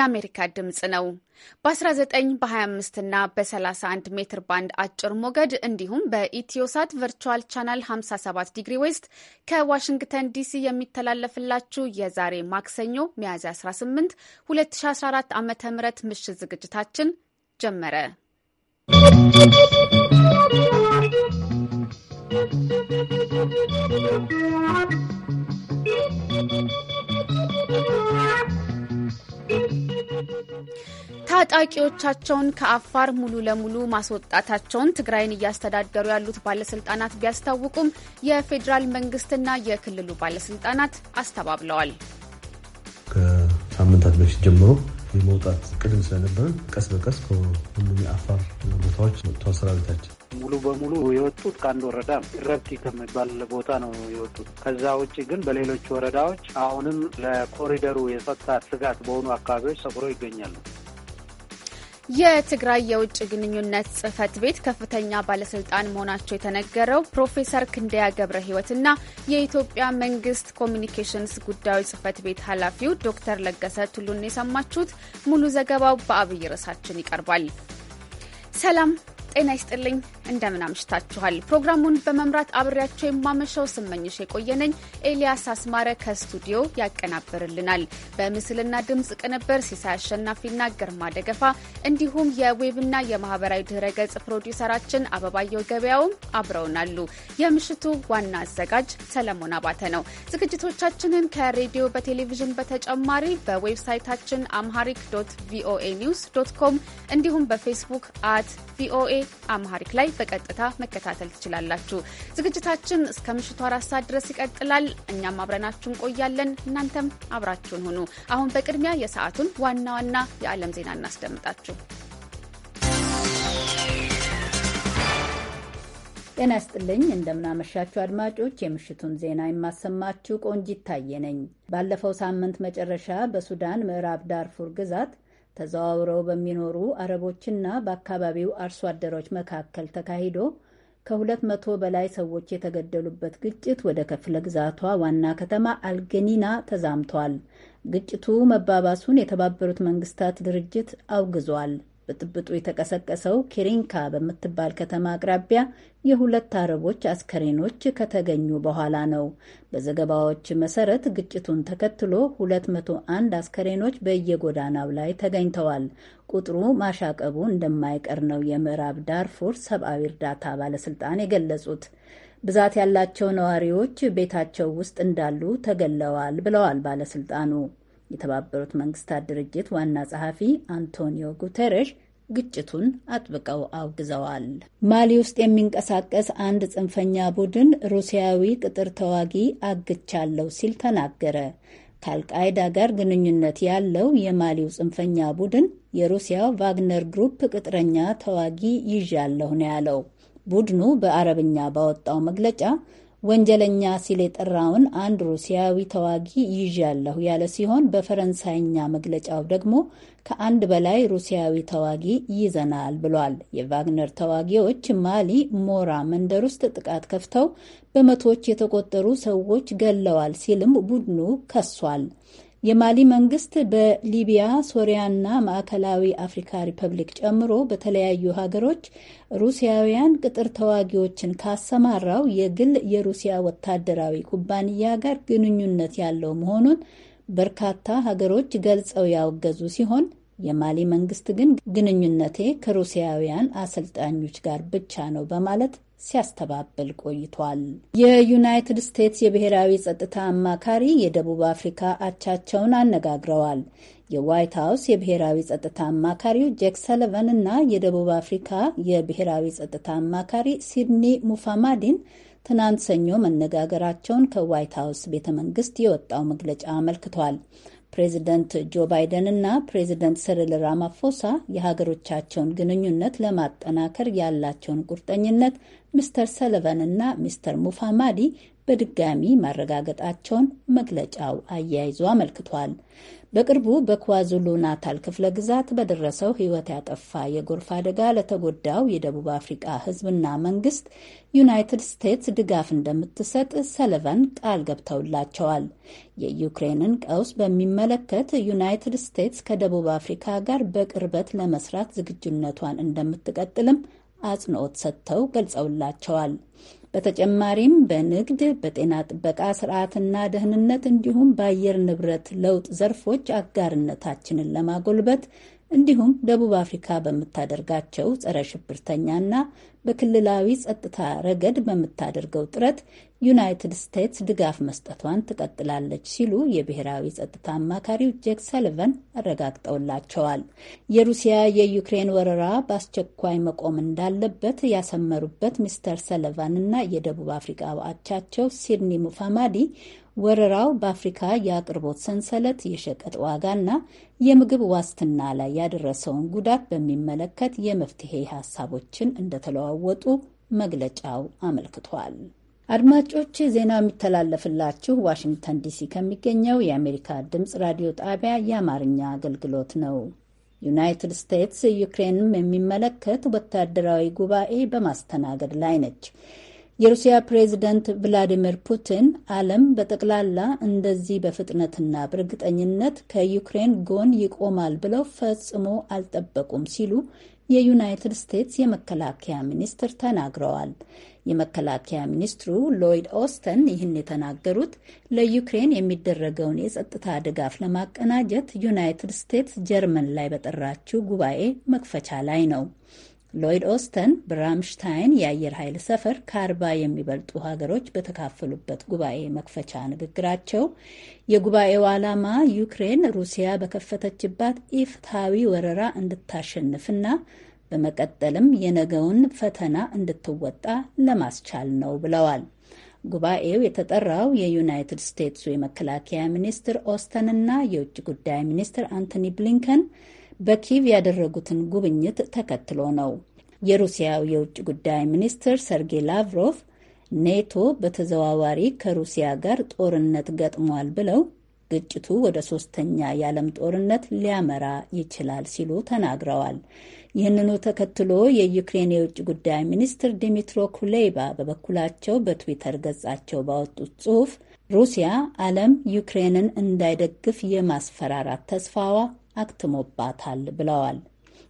የአሜሪካ ድምፅ ነው። በ19 በ25 እና በ31 ሜትር ባንድ አጭር ሞገድ እንዲሁም በኢትዮሳት ቨርቹዋል ቻናል 57 ዲግሪ ዌስት ከዋሽንግተን ዲሲ የሚተላለፍላችሁ የዛሬ ማክሰኞ ሚያዝያ 18 2014 ዓ ም ምሽት ዝግጅታችን ጀመረ። ¶¶ ታጣቂዎቻቸውን ከአፋር ሙሉ ለሙሉ ማስወጣታቸውን ትግራይን እያስተዳደሩ ያሉት ባለስልጣናት ቢያስታውቁም የፌዴራል መንግስትና የክልሉ ባለስልጣናት አስተባብለዋል። ከሳምንታት በፊት ጀምሮ የመውጣት ቅድም ስለነበረን ቀስ በቀስ ከሁሉም የአፋር ቦታዎች መጥተዋል። ሰራዊታችን ሙሉ በሙሉ የወጡት ከአንድ ወረዳ ረብቲ ከሚባል ቦታ ነው የወጡት። ከዛ ውጭ ግን በሌሎች ወረዳዎች አሁንም ለኮሪደሩ የጸጥታ ስጋት በሆኑ አካባቢዎች ሰፍረው ይገኛሉ። የትግራይ የውጭ ግንኙነት ጽህፈት ቤት ከፍተኛ ባለስልጣን መሆናቸው የተነገረው ፕሮፌሰር ክንደያ ገብረ ህይወትና የኢትዮጵያ መንግስት ኮሚኒኬሽንስ ጉዳዮች ጽህፈት ቤት ኃላፊው ዶክተር ለገሰ ቱሉን የሰማችሁት። ሙሉ ዘገባው በአብይ ርዕሳችን ይቀርባል። ሰላም ጤና ይስጥልኝ። እንደምን አምሽታችኋል። ፕሮግራሙን በመምራት አብሬያቸው የማመሻው ስመኝሽ የቆየነኝ። ኤልያስ አስማረ ከስቱዲዮ ያቀናብርልናል። በምስልና ድምፅ ቅንብር ሲሳይ አሸናፊና ግርማ ደገፋ እንዲሁም የዌብና የማህበራዊ ድህረ ገጽ ፕሮዲውሰራችን አበባየው ገበያውም አብረውናሉ። የምሽቱ ዋና አዘጋጅ ሰለሞን አባተ ነው። ዝግጅቶቻችንን ከሬዲዮ በቴሌቪዥን በተጨማሪ በዌብሳይታችን አምሃሪክ ዶት ቪኦኤ ኒውስ ዶት ኮም እንዲሁም በፌስቡክ አት ቪኦኤ አምሃሪክ ላይ በቀጥታ መከታተል ትችላላችሁ። ዝግጅታችን እስከ ምሽቱ አራት ሰዓት ድረስ ይቀጥላል። እኛም አብረናችሁ እንቆያለን። እናንተም አብራችሁን ሁኑ። አሁን በቅድሚያ የሰዓቱን ዋና ዋና የዓለም ዜና እናስደምጣችሁ። ጤና ይስጥልኝ እንደምናመሻችሁ አድማጮች፣ የምሽቱን ዜና የማሰማችሁ ቆንጂት ታየ ነኝ። ባለፈው ሳምንት መጨረሻ በሱዳን ምዕራብ ዳርፉር ግዛት ተዘዋውረው በሚኖሩ አረቦችና በአካባቢው አርሶ አደሮች መካከል ተካሂዶ ከሁለት መቶ በላይ ሰዎች የተገደሉበት ግጭት ወደ ክፍለ ግዛቷ ዋና ከተማ አልገኒና ተዛምቷል። ግጭቱ መባባሱን የተባበሩት መንግስታት ድርጅት አውግዟል። ብጥብጡ የተቀሰቀሰው ኪሪንካ በምትባል ከተማ አቅራቢያ የሁለት አረቦች አስከሬኖች ከተገኙ በኋላ ነው። በዘገባዎች መሰረት ግጭቱን ተከትሎ 201 አስከሬኖች በየጎዳናው ላይ ተገኝተዋል። ቁጥሩ ማሻቀቡ እንደማይቀር ነው የምዕራብ ዳርፉር ሰብአዊ እርዳታ ባለስልጣን የገለጹት። ብዛት ያላቸው ነዋሪዎች ቤታቸው ውስጥ እንዳሉ ተገለዋል ብለዋል ባለስልጣኑ። የተባበሩት መንግስታት ድርጅት ዋና ጸሐፊ አንቶኒዮ ጉተረሽ ግጭቱን አጥብቀው አውግዘዋል። ማሊ ውስጥ የሚንቀሳቀስ አንድ ጽንፈኛ ቡድን ሩሲያዊ ቅጥር ተዋጊ አግቻለሁ ሲል ተናገረ። ከአልቃይዳ ጋር ግንኙነት ያለው የማሊው ጽንፈኛ ቡድን የሩሲያው ቫግነር ግሩፕ ቅጥረኛ ተዋጊ ይዣለሁ ነው ያለው። ቡድኑ በአረብኛ ባወጣው መግለጫ ወንጀለኛ ሲል የጠራውን አንድ ሩሲያዊ ተዋጊ ይዣለሁ ያለ ሲሆን በፈረንሳይኛ መግለጫው ደግሞ ከአንድ በላይ ሩሲያዊ ተዋጊ ይዘናል ብሏል። የቫግነር ተዋጊዎች ማሊ ሞራ መንደር ውስጥ ጥቃት ከፍተው በመቶዎች የተቆጠሩ ሰዎች ገለዋል ሲልም ቡድኑ ከሷል። የማሊ መንግስት በሊቢያ ሶሪያና ማዕከላዊ አፍሪካ ሪፐብሊክ ጨምሮ በተለያዩ ሀገሮች ሩሲያውያን ቅጥር ተዋጊዎችን ካሰማራው የግል የሩሲያ ወታደራዊ ኩባንያ ጋር ግንኙነት ያለው መሆኑን በርካታ ሀገሮች ገልጸው ያወገዙ ሲሆን የማሊ መንግስት ግን ግንኙነቴ ከሩሲያውያን አሰልጣኞች ጋር ብቻ ነው በማለት ሲያስተባብል ቆይቷል። የዩናይትድ ስቴትስ የብሔራዊ ጸጥታ አማካሪ የደቡብ አፍሪካ አቻቸውን አነጋግረዋል። የዋይት ሀውስ የብሔራዊ ጸጥታ አማካሪው ጄክ ሰለቨን እና የደቡብ አፍሪካ የብሔራዊ ጸጥታ አማካሪ ሲድኒ ሙፋማዲን ትናንት ሰኞ መነጋገራቸውን ከዋይት ሀውስ ቤተ መንግስት የወጣው መግለጫ አመልክቷል። ፕሬዚደንት ጆ ባይደን እና ፕሬዚደንት ስርል ራማፎሳ የሀገሮቻቸውን ግንኙነት ለማጠናከር ያላቸውን ቁርጠኝነት ሚስተር ሰለቨን እና ሚስተር ሙፋማዲ በድጋሚ ማረጋገጣቸውን መግለጫው አያይዞ አመልክቷል። በቅርቡ በኳዙሉ ናታል ክፍለ ግዛት በደረሰው ሕይወት ያጠፋ የጎርፍ አደጋ ለተጎዳው የደቡብ አፍሪቃ ሕዝብና መንግስት ዩናይትድ ስቴትስ ድጋፍ እንደምትሰጥ ሰለቫን ቃል ገብተውላቸዋል። የዩክሬንን ቀውስ በሚመለከት ዩናይትድ ስቴትስ ከደቡብ አፍሪካ ጋር በቅርበት ለመስራት ዝግጁነቷን እንደምትቀጥልም አጽንኦት ሰጥተው ገልጸውላቸዋል። በተጨማሪም በንግድ፣ በጤና ጥበቃ ስርዓትና ደህንነት እንዲሁም በአየር ንብረት ለውጥ ዘርፎች አጋርነታችንን ለማጎልበት እንዲሁም ደቡብ አፍሪካ በምታደርጋቸው ጸረ ሽብርተኛና በክልላዊ ጸጥታ ረገድ በምታደርገው ጥረት ዩናይትድ ስቴትስ ድጋፍ መስጠቷን ትቀጥላለች ሲሉ የብሔራዊ ጸጥታ አማካሪው ጄክ ሰሊቫን አረጋግጠውላቸዋል። የሩሲያ የዩክሬን ወረራ በአስቸኳይ መቆም እንዳለበት ያሰመሩበት ሚስተር ሰሊቫን እና የደቡብ አፍሪካ አቻቸው ሲድኒ ሙፋማዲ ወረራው በአፍሪካ የአቅርቦት ሰንሰለት የሸቀጥ ዋጋና የምግብ ዋስትና ላይ ያደረሰውን ጉዳት በሚመለከት የመፍትሄ ሀሳቦችን እንደተለዋወጡ መግለጫው አመልክቷል። አድማጮች ዜናው የሚተላለፍላችሁ ዋሽንግተን ዲሲ ከሚገኘው የአሜሪካ ድምፅ ራዲዮ ጣቢያ የአማርኛ አገልግሎት ነው። ዩናይትድ ስቴትስ ዩክሬንም የሚመለከት ወታደራዊ ጉባኤ በማስተናገድ ላይ ነች። የሩሲያ ፕሬዚደንት ቭላዲሚር ፑቲን ዓለም በጠቅላላ እንደዚህ በፍጥነትና በእርግጠኝነት ከዩክሬን ጎን ይቆማል ብለው ፈጽሞ አልጠበቁም ሲሉ የዩናይትድ ስቴትስ የመከላከያ ሚኒስትር ተናግረዋል። የመከላከያ ሚኒስትሩ ሎይድ ኦስተን ይህን የተናገሩት ለዩክሬን የሚደረገውን የጸጥታ ድጋፍ ለማቀናጀት ዩናይትድ ስቴትስ ጀርመን ላይ በጠራችው ጉባኤ መክፈቻ ላይ ነው። ሎይድ ኦስተን ብራምሽታይን የአየር ኃይል ሰፈር ከአርባ የሚበልጡ ሀገሮች በተካፈሉበት ጉባኤ መክፈቻ ንግግራቸው የጉባኤው ዓላማ ዩክሬን ሩሲያ በከፈተችባት ኢፍትሐዊ ወረራ እንድታሸንፍና በመቀጠልም የነገውን ፈተና እንድትወጣ ለማስቻል ነው ብለዋል። ጉባኤው የተጠራው የዩናይትድ ስቴትሱ የመከላከያ ሚኒስትር ኦስተንና የውጭ ጉዳይ ሚኒስትር አንቶኒ ብሊንከን በኪቭ ያደረጉትን ጉብኝት ተከትሎ ነው። የሩሲያው የውጭ ጉዳይ ሚኒስትር ሰርጌይ ላቭሮቭ ኔቶ በተዘዋዋሪ ከሩሲያ ጋር ጦርነት ገጥሟል ብለው ግጭቱ ወደ ሶስተኛ የዓለም ጦርነት ሊያመራ ይችላል ሲሉ ተናግረዋል። ይህንኑ ተከትሎ የዩክሬን የውጭ ጉዳይ ሚኒስትር ዲሚትሮ ኩሌባ በበኩላቸው በትዊተር ገጻቸው ባወጡት ጽሑፍ ሩሲያ ዓለም ዩክሬንን እንዳይደግፍ የማስፈራራት ተስፋዋ አክትሞባታል ብለዋል።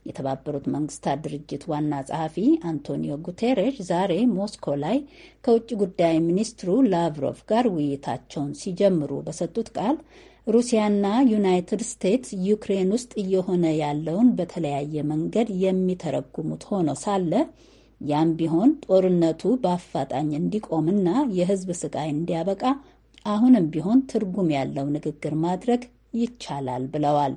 የተባበሩት መንግስታት ድርጅት ዋና ጸሐፊ አንቶኒዮ ጉቴሬሽ ዛሬ ሞስኮ ላይ ከውጭ ጉዳይ ሚኒስትሩ ላቭሮቭ ጋር ውይይታቸውን ሲጀምሩ በሰጡት ቃል ሩሲያና ዩናይትድ ስቴትስ ዩክሬን ውስጥ እየሆነ ያለውን በተለያየ መንገድ የሚተረጉሙት ሆኖ ሳለ ያም ቢሆን ጦርነቱ በአፋጣኝ እንዲቆምና የሕዝብ ስቃይ እንዲያበቃ አሁንም ቢሆን ትርጉም ያለው ንግግር ማድረግ ይቻላል ብለዋል።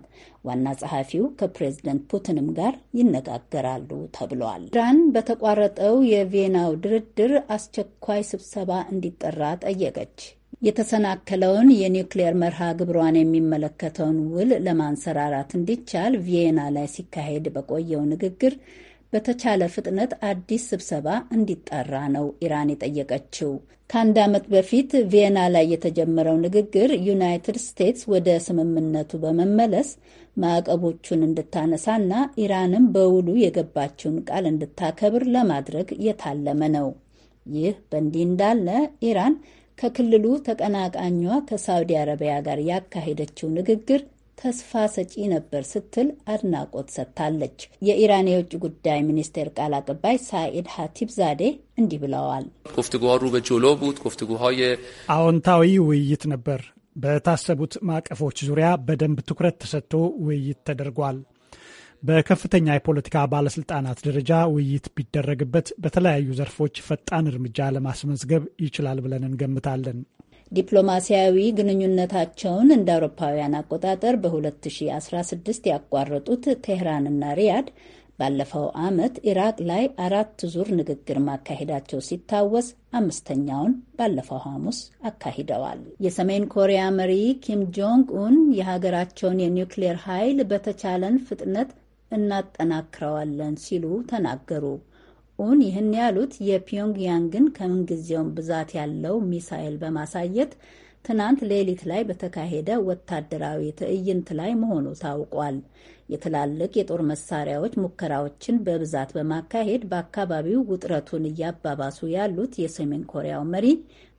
ዋና ጸሐፊው ከፕሬዝደንት ፑቲንም ጋር ይነጋገራሉ ተብሏል። ኢራን በተቋረጠው የቪየናው ድርድር አስቸኳይ ስብሰባ እንዲጠራ ጠየቀች። የተሰናከለውን የኒውክሌር መርሃ ግብሯን የሚመለከተውን ውል ለማንሰራራት እንዲቻል ቪየና ላይ ሲካሄድ በቆየው ንግግር በተቻለ ፍጥነት አዲስ ስብሰባ እንዲጣራ ነው ኢራን የጠየቀችው። ከአንድ ዓመት በፊት ቪየና ላይ የተጀመረው ንግግር ዩናይትድ ስቴትስ ወደ ስምምነቱ በመመለስ ማዕቀቦቹን እንድታነሳና ኢራንም በውሉ የገባችውን ቃል እንድታከብር ለማድረግ የታለመ ነው። ይህ በእንዲህ እንዳለ ኢራን ከክልሉ ተቀናቃኟ ከሳውዲ አረቢያ ጋር ያካሄደችው ንግግር ተስፋ ሰጪ ነበር ስትል አድናቆት ሰጥታለች። የኢራን የውጭ ጉዳይ ሚኒስቴር ቃል አቀባይ ሳኢድ ሀቲብ ዛዴ እንዲህ ብለዋል። ጉፍትጉሃሩ በጆሎ ቡት ጉፍትጉሃየ አዎንታዊ ውይይት ነበር። በታሰቡት ማዕቀፎች ዙሪያ በደንብ ትኩረት ተሰጥቶ ውይይት ተደርጓል። በከፍተኛ የፖለቲካ ባለስልጣናት ደረጃ ውይይት ቢደረግበት በተለያዩ ዘርፎች ፈጣን እርምጃ ለማስመዝገብ ይችላል ብለን እንገምታለን። ዲፕሎማሲያዊ ግንኙነታቸውን እንደ አውሮፓውያን አቆጣጠር በ2016 ያቋረጡት ቴህራንና ሪያድ ባለፈው ዓመት ኢራቅ ላይ አራት ዙር ንግግር ማካሄዳቸው ሲታወስ አምስተኛውን ባለፈው ሐሙስ አካሂደዋል። የሰሜን ኮሪያ መሪ ኪም ጆንግ ኡን የሀገራቸውን የኒውክሌር ኃይል በተቻለን ፍጥነት እናጠናክረዋለን ሲሉ ተናገሩ። ኡን ይህን ያሉት የፒዮንግያንግን ከምንጊዜውም ብዛት ያለው ሚሳኤል በማሳየት ትናንት ሌሊት ላይ በተካሄደ ወታደራዊ ትዕይንት ላይ መሆኑ ታውቋል። የትላልቅ የጦር መሳሪያዎች ሙከራዎችን በብዛት በማካሄድ በአካባቢው ውጥረቱን እያባባሱ ያሉት የሰሜን ኮሪያው መሪ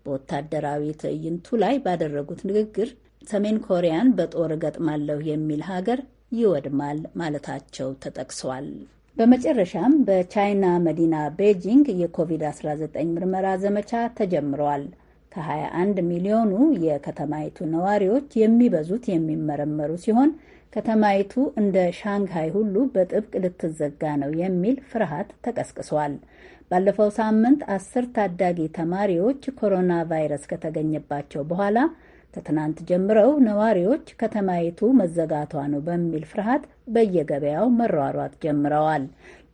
በወታደራዊ ትዕይንቱ ላይ ባደረጉት ንግግር ሰሜን ኮሪያን በጦር እገጥማለሁ የሚል ሀገር ይወድማል ማለታቸው ተጠቅሷል። በመጨረሻም በቻይና መዲና ቤጂንግ የኮቪድ-19 ምርመራ ዘመቻ ተጀምረዋል። ከ21 ሚሊዮኑ የከተማይቱ ነዋሪዎች የሚበዙት የሚመረመሩ ሲሆን ከተማይቱ እንደ ሻንግሃይ ሁሉ በጥብቅ ልትዘጋ ነው የሚል ፍርሃት ተቀስቅሷል። ባለፈው ሳምንት አስር ታዳጊ ተማሪዎች ኮሮና ቫይረስ ከተገኘባቸው በኋላ ከትናንት ጀምረው ነዋሪዎች ከተማይቱ መዘጋቷ ነው በሚል ፍርሃት በየገበያው መሯሯጥ ጀምረዋል።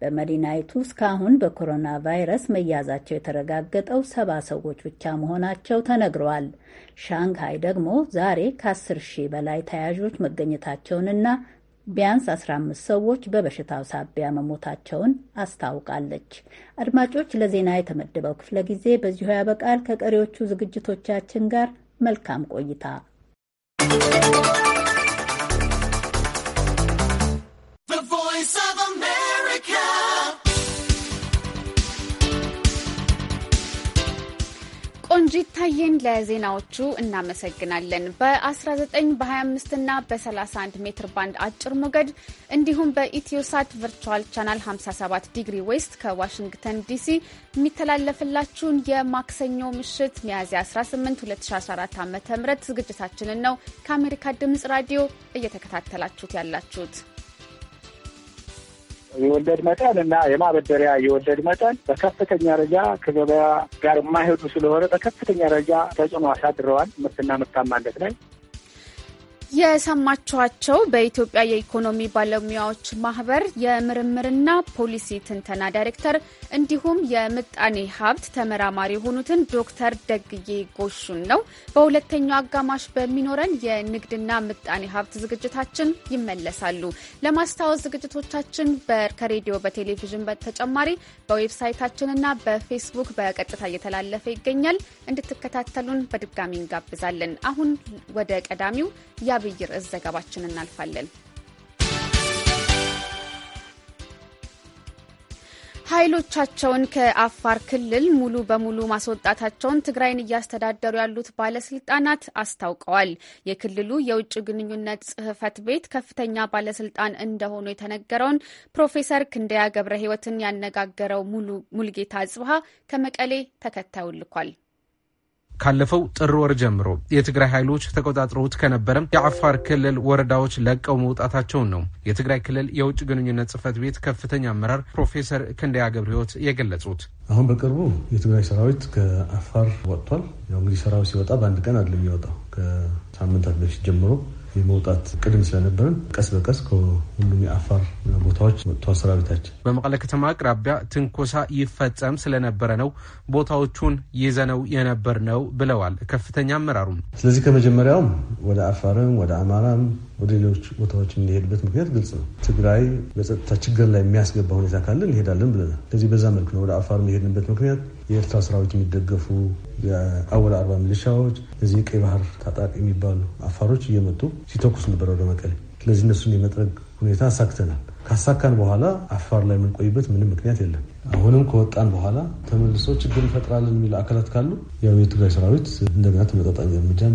በመዲናይቱ እስካሁን በኮሮና ቫይረስ መያዛቸው የተረጋገጠው ሰባ ሰዎች ብቻ መሆናቸው ተነግረዋል። ሻንግሃይ ደግሞ ዛሬ ከ10 ሺህ በላይ ተያዦች መገኘታቸውንና ቢያንስ 15 ሰዎች በበሽታው ሳቢያ መሞታቸውን አስታውቃለች። አድማጮች፣ ለዜና የተመደበው ክፍለ ጊዜ በዚሁ ያበቃል። ከቀሪዎቹ ዝግጅቶቻችን ጋር መልካም ቆይታ ታየን ለዜናዎቹ እናመሰግናለን። በ19 በ25 እና በ31 ሜትር ባንድ አጭር ሞገድ እንዲሁም በኢትዮሳት ቨርቹዋል ቻናል 57 ዲግሪ ዌስት ከዋሽንግተን ዲሲ የሚተላለፍላችሁን የማክሰኞ ምሽት ሚያዝያ 18 2014 ዓ ም ዝግጅታችንን ነው ከአሜሪካ ድምጽ ራዲዮ እየተከታተላችሁት ያላችሁት። የወለድ መጠን እና የማበደሪያ የወለድ መጠን በከፍተኛ ደረጃ ከገበያ ጋር የማይሄዱ ስለሆነ በከፍተኛ ደረጃ ተጽዕኖ አሳድረዋል ምርትና ምርታማነት ላይ። የሰማችኋቸው በኢትዮጵያ የኢኮኖሚ ባለሙያዎች ማህበር የምርምርና ፖሊሲ ትንተና ዳይሬክተር እንዲሁም የምጣኔ ሀብት ተመራማሪ የሆኑትን ዶክተር ደግዬ ጎሹን ነው። በሁለተኛው አጋማሽ በሚኖረን የንግድና ምጣኔ ሀብት ዝግጅታችን ይመለሳሉ። ለማስታወስ ዝግጅቶቻችን ከሬዲዮ በቴሌቪዥን በተጨማሪ በዌብሳይታችንና በፌስቡክ በቀጥታ እየተላለፈ ይገኛል። እንድትከታተሉን በድጋሚ እንጋብዛለን። አሁን ወደ ቀዳሚው ያ አብይ ርዕስ ዘገባችን እናልፋለን። ኃይሎቻቸውን ከአፋር ክልል ሙሉ በሙሉ ማስወጣታቸውን ትግራይን እያስተዳደሩ ያሉት ባለስልጣናት አስታውቀዋል። የክልሉ የውጭ ግንኙነት ጽህፈት ቤት ከፍተኛ ባለስልጣን እንደሆኑ የተነገረውን ፕሮፌሰር ክንደያ ገብረ ሕይወትን ያነጋገረው ሙሉ ሙልጌታ ጽብሃ ከመቀሌ ተከታዩ ልኳል። ካለፈው ጥር ወር ጀምሮ የትግራይ ኃይሎች ተቆጣጥረውት ከነበረ የአፋር ክልል ወረዳዎች ለቀው መውጣታቸውን ነው የትግራይ ክልል የውጭ ግንኙነት ጽህፈት ቤት ከፍተኛ አመራር ፕሮፌሰር ክንደያ ገብረ ህይወት የገለጹት። አሁን በቅርቡ የትግራይ ሰራዊት ከአፋር ወጥቷል። ያው እንግዲህ ሰራዊት ሲወጣ በአንድ ቀን አይደለም የሚወጣው ከሳምንታት በፊት ጀምሮ የመውጣት ቅድም ስለነበረን ቀስ በቀስ ከሁሉም የአፋር ቦታዎች ወጥቷል ሰራዊታችን። በመቀለ ከተማ አቅራቢያ ትንኮሳ ይፈጸም ስለነበረ ነው ቦታዎቹን ይዘነው የነበር ነው ብለዋል ከፍተኛ አመራሩም። ስለዚህ ከመጀመሪያውም ወደ አፋርም ወደ አማራም ወደ ሌሎች ቦታዎች እንሄድበት ምክንያት ግልጽ ነው። ትግራይ በጸጥታ ችግር ላይ የሚያስገባ ሁኔታ ካለ እንሄዳለን ብለናል። ስለዚህ በዛ መልክ ነው ወደ አፋር የሄድንበት ምክንያት የኤርትራ ሰራዊት የሚደገፉ የአወል አርባ ሚሊሻዎች፣ እዚህ ቀይ ባህር ታጣቂ የሚባሉ አፋሮች እየመጡ ሲተኩስ ነበረ ወደ መቀሌ። ስለዚህ እነሱን የመጥረግ ሁኔታ አሳክተናል። ካሳካን በኋላ አፋር ላይ የምንቆይበት ምንም ምክንያት የለም። አሁንም ከወጣን በኋላ ተመልሶ ችግር ይፈጥራለን የሚል አካላት ካሉ ያው የትግራይ ሰራዊት እንደገና ተመጣጣኝ እርምጃን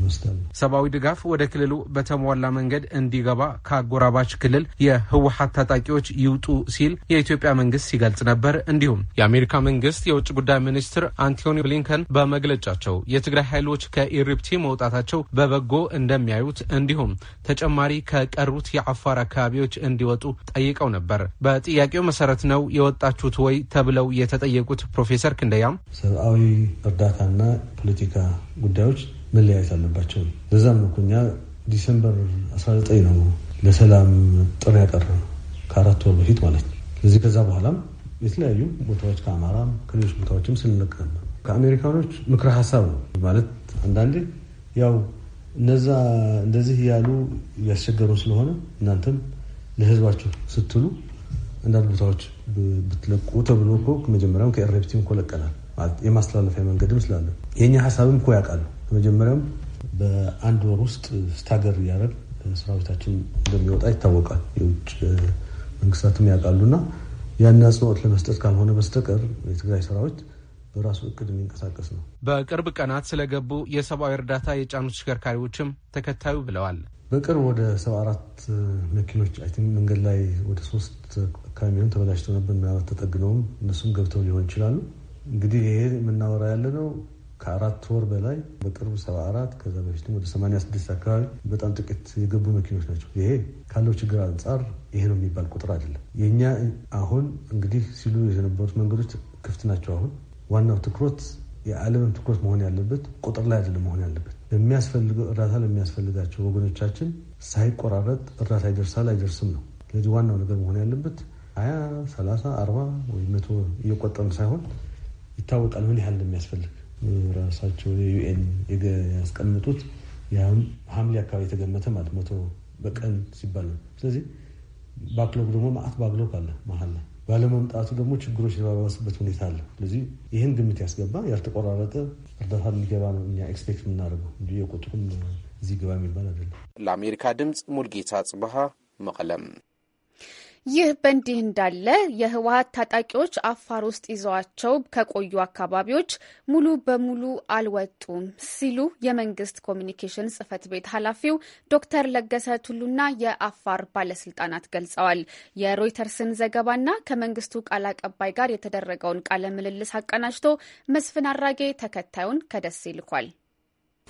ይወስዳል። ሰብአዊ ድጋፍ ወደ ክልሉ በተሟላ መንገድ እንዲገባ ከአጎራባች ክልል የህወሀት ታጣቂዎች ይውጡ ሲል የኢትዮጵያ መንግስት ሲገልጽ ነበር። እንዲሁም የአሜሪካ መንግስት የውጭ ጉዳይ ሚኒስትር አንቶኒ ብሊንከን በመግለጫቸው የትግራይ ኃይሎች ከኢሪፕቲ መውጣታቸው በበጎ እንደሚያዩት እንዲሁም ተጨማሪ ከቀሩት የአፋር አካባቢዎች እንዲወጡ ጠይቀው ነበር። በጥያቄው መሰረት ነው የወጣችሁ ያደረጉት ወይ ተብለው የተጠየቁት ፕሮፌሰር ክንደያም ሰብአዊ እርዳታና ፖለቲካ ጉዳዮች መለያየት አለባቸው። ለዛም ነው እኛ ዲሰምበር 19 ነው ለሰላም ጥሪ ያቀረ ከአራት ወር በፊት ማለት ነው። ከዛ በኋላም የተለያዩ ቦታዎች ከአማራም ከሌሎች ቦታዎችም ስንለቀም ከአሜሪካኖች ምክረ ሀሳብ ነው ማለት አንዳንዴ ያው እነዛ እንደዚህ እያሉ እያስቸገሩ ስለሆነ እናንተም ለህዝባቸው ስትሉ አንዳንድ ቦታዎች ብትለቁ ተብሎ እኮ መጀመሪያም ከኤርፕቲም እኮ ለቀናል። የማስተላለፊያ መንገድም ስላለ የእኛ ሀሳብም እኮ ያውቃሉ። መጀመሪያም በአንድ ወር ውስጥ ስታገር እያደረግ ሰራዊታችን እንደሚወጣ ይታወቃል። የውጭ መንግስታትም ያውቃሉና ያን አጽንኦት ለመስጠት ካልሆነ በስተቀር የትግራይ ሰራዊት በራሱ እቅድ የሚንቀሳቀስ ነው። በቅርብ ቀናት ስለገቡ የሰብአዊ እርዳታ የጫኑ ተሽከርካሪዎችም ተከታዩ ብለዋል። በቅርብ ወደ ሰባ አራት መኪኖች መንገድ ላይ ወደ ሶስት አካባቢ የሚሆን ተበላሽተው ነበር። ምናልባት ተጠግነውም እነሱም ገብተው ሊሆን ይችላሉ። እንግዲህ ይሄ የምናወራ ያለ ነው ከአራት ወር በላይ በቅርቡ ሰባ አራት ከዛ በፊት ወደ ሰማንያ ስድስት አካባቢ በጣም ጥቂት የገቡ መኪኖች ናቸው። ይሄ ካለው ችግር አንጻር ይሄ ነው የሚባል ቁጥር አይደለም። የእኛ አሁን እንግዲህ ሲሉ የነበሩት መንገዶች ክፍት ናቸው። አሁን ዋናው ትኩረት የዓለምም ትኩረት መሆን ያለበት ቁጥር ላይ አይደለም መሆን ያለበት የሚያስፈልገው እርዳታ ለሚያስፈልጋቸው ወገኖቻችን ሳይቆራረጥ እርዳታ ይደርሳል አይደርስም ነው። ስለዚህ ዋናው ነገር መሆን ያለበት ሀያ ሰላሳ አርባ ወይ መቶ እየቆጠሩ ሳይሆን ይታወቃል ምን ያህል እንደሚያስፈልግ ራሳቸው የዩኤን ያስቀምጡት ሐምሌ አካባቢ የተገመተ ማለት መቶ በቀን ሲባል ነው። ስለዚህ ባክሎግ ደግሞ ማአት ባክሎግ አለ መሀል ላይ ባለመምጣቱ ደግሞ ችግሮች የተባባሱበት ሁኔታ አለ። ስለዚህ ይህን ግምት ያስገባ ያልተቆራረጠ እርዳታ የሚገባ ነው እኛ ኤክስፔክት የምናደርገው እንጂ የቁጥሩም እዚህ ግባ የሚባል አይደለም። ለአሜሪካ ድምፅ ሙልጌታ ጽብሃ መቀለም ይህ በእንዲህ እንዳለ የህወሀት ታጣቂዎች አፋር ውስጥ ይዘዋቸው ከቆዩ አካባቢዎች ሙሉ በሙሉ አልወጡም ሲሉ የመንግስት ኮሚኒኬሽን ጽህፈት ቤት ኃላፊው ዶክተር ለገሰ ቱሉና የአፋር ባለስልጣናት ገልጸዋል። የሮይተርስን ዘገባና ከመንግስቱ ቃል አቀባይ ጋር የተደረገውን ቃለ ምልልስ አቀናጅቶ መስፍን አራጌ ተከታዩን ከደሴ ይልኳል።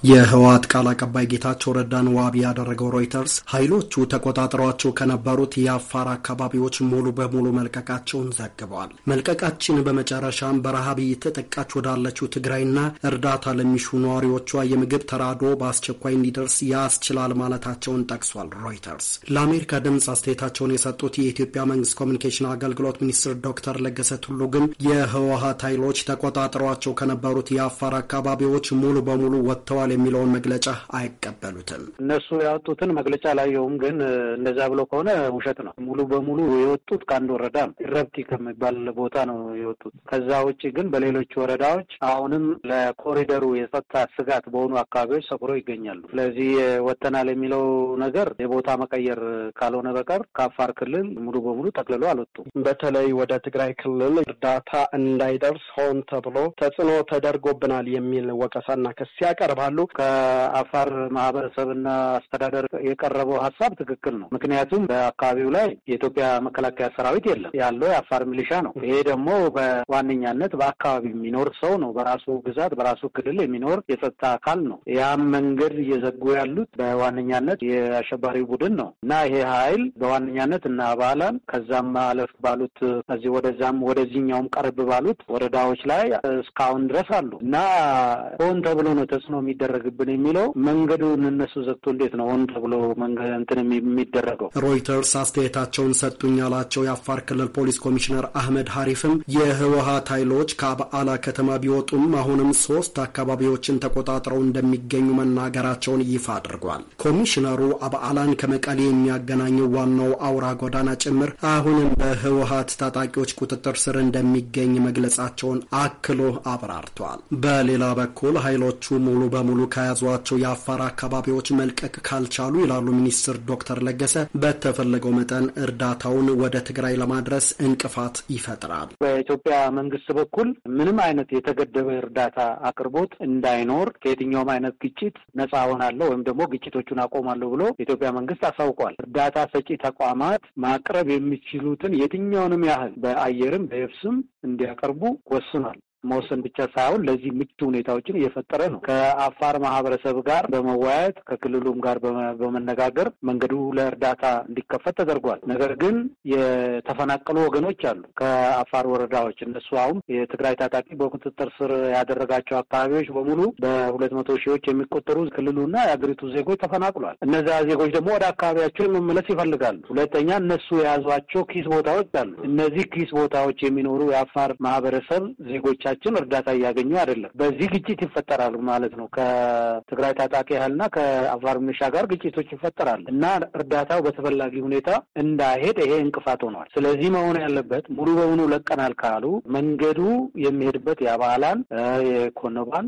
የህወሓት ቃል አቀባይ ጌታቸው ረዳን ዋቢ ያደረገው ሮይተርስ ኃይሎቹ ተቆጣጥሯቸው ከነበሩት የአፋር አካባቢዎች ሙሉ በሙሉ መልቀቃቸውን ዘግበዋል። መልቀቃችን በመጨረሻም በረሃብ እየተጠቃች ወዳለችው ትግራይና እርዳታ ለሚሹ ነዋሪዎቿ የምግብ ተራድኦ በአስቸኳይ እንዲደርስ ያስችላል ማለታቸውን ጠቅሷል። ሮይተርስ ለአሜሪካ ድምፅ አስተያየታቸውን የሰጡት የኢትዮጵያ መንግስት ኮሚኒኬሽን አገልግሎት ሚኒስትር ዶክተር ለገሰ ቱሉ ግን የህወሓት ኃይሎች ተቆጣጥሯቸው ከነበሩት የአፋር አካባቢዎች ሙሉ በሙሉ ወጥተዋል ወጥቷል የሚለውን መግለጫ አይቀበሉትም። እነሱ ያወጡትን መግለጫ ላየውም፣ ግን እንደዛ ብሎ ከሆነ ውሸት ነው። ሙሉ በሙሉ የወጡት ከአንድ ወረዳ ነው፣ ረብቲ ከሚባል ቦታ ነው የወጡት። ከዛ ውጭ ግን በሌሎች ወረዳዎች አሁንም ለኮሪደሩ የጸጥታ ስጋት በሆኑ አካባቢዎች ሰፍሮ ይገኛሉ። ስለዚህ ወጥተናል የሚለው ነገር የቦታ መቀየር ካልሆነ በቀር ከአፋር ክልል ሙሉ በሙሉ ጠቅልሎ አልወጡም። በተለይ ወደ ትግራይ ክልል እርዳታ እንዳይደርስ ሆን ተብሎ ተጽዕኖ ተደርጎብናል የሚል ወቀሳና ክስ ያቀርባሉ። ከአፋር ማህበረሰብና አስተዳደር የቀረበው ሀሳብ ትክክል ነው። ምክንያቱም በአካባቢው ላይ የኢትዮጵያ መከላከያ ሰራዊት የለም፣ ያለው የአፋር ሚሊሻ ነው። ይሄ ደግሞ በዋነኛነት በአካባቢ የሚኖር ሰው ነው፣ በራሱ ግዛት በራሱ ክልል የሚኖር የጸጥታ አካል ነው። ያም መንገድ እየዘጉ ያሉት በዋነኛነት የአሸባሪ ቡድን ነው እና ይሄ ሀይል በዋነኛነት እና አባላን ከዛም አለፍ ባሉት እዚህ ወደዛም ወደዚህኛውም ቀርብ ባሉት ወረዳዎች ላይ እስካሁን ድረስ አሉ እና ሆን ተብሎ ነው ተጽዕኖ የሚደረ ይደረግብን የሚለው መንገዱን እነሱ ዘግቶ እንዴት ነው ሆን ተብሎ መንገድ እንትን የሚደረገው? ሮይተርስ አስተያየታቸውን ሰጡኝ ያላቸው የአፋር ክልል ፖሊስ ኮሚሽነር አህመድ ሀሪፍም የህወሀት ኃይሎች ከአበዓላ ከተማ ቢወጡም አሁንም ሶስት አካባቢዎችን ተቆጣጥረው እንደሚገኙ መናገራቸውን ይፋ አድርጓል። ኮሚሽነሩ አበአላን ከመቀሌ የሚያገናኘው ዋናው አውራ ጎዳና ጭምር አሁንም በህወሀት ታጣቂዎች ቁጥጥር ስር እንደሚገኝ መግለጻቸውን አክሎ አብራርተዋል። በሌላ በኩል ኃይሎቹ ሙሉ በሙሉ በሙሉ ከያዟቸው የአፋር አካባቢዎች መልቀቅ ካልቻሉ ይላሉ ሚኒስትር ዶክተር ለገሰ በተፈለገው መጠን እርዳታውን ወደ ትግራይ ለማድረስ እንቅፋት ይፈጥራል። በኢትዮጵያ መንግስት በኩል ምንም አይነት የተገደበ እርዳታ አቅርቦት እንዳይኖር ከየትኛውም አይነት ግጭት ነጻ ሆናለሁ ወይም ደግሞ ግጭቶቹን አቆማለሁ ብሎ የኢትዮጵያ መንግስት አሳውቋል። እርዳታ ሰጪ ተቋማት ማቅረብ የሚችሉትን የትኛውንም ያህል በአየርም በየብስም እንዲያቀርቡ ወስኗል። መወሰን ብቻ ሳይሆን ለዚህ ምቹ ሁኔታዎችን እየፈጠረ ነው። ከአፋር ማህበረሰብ ጋር በመወያየት ከክልሉም ጋር በመነጋገር መንገዱ ለእርዳታ እንዲከፈት ተደርጓል። ነገር ግን የተፈናቀሉ ወገኖች አሉ። ከአፋር ወረዳዎች እነሱ አሁን የትግራይ ታጣቂ በቁጥጥር ስር ያደረጋቸው አካባቢዎች በሙሉ በሁለት መቶ ሺዎች የሚቆጠሩ ክልሉና የአገሪቱ ዜጎች ተፈናቅሏል። እነዚያ ዜጎች ደግሞ ወደ አካባቢያቸውን መመለስ ይፈልጋሉ። ሁለተኛ እነሱ የያዟቸው ኪስ ቦታዎች አሉ። እነዚህ ኪስ ቦታዎች የሚኖሩ የአፋር ማህበረሰብ ዜጎች ወገኖቻችን እርዳታ እያገኙ አይደለም። በዚህ ግጭት ይፈጠራሉ ማለት ነው። ከትግራይ ታጣቂ ያህልና ከአፋር ሚሊሻ ጋር ግጭቶች ይፈጠራሉ እና እርዳታው በተፈላጊ ሁኔታ እንዳይሄድ ይሄ እንቅፋት ሆኗል። ስለዚህ መሆን ያለበት ሙሉ በሙሉ ለቀናል ካሉ መንገዱ የሚሄድበት የአባላን፣ የኮነባን፣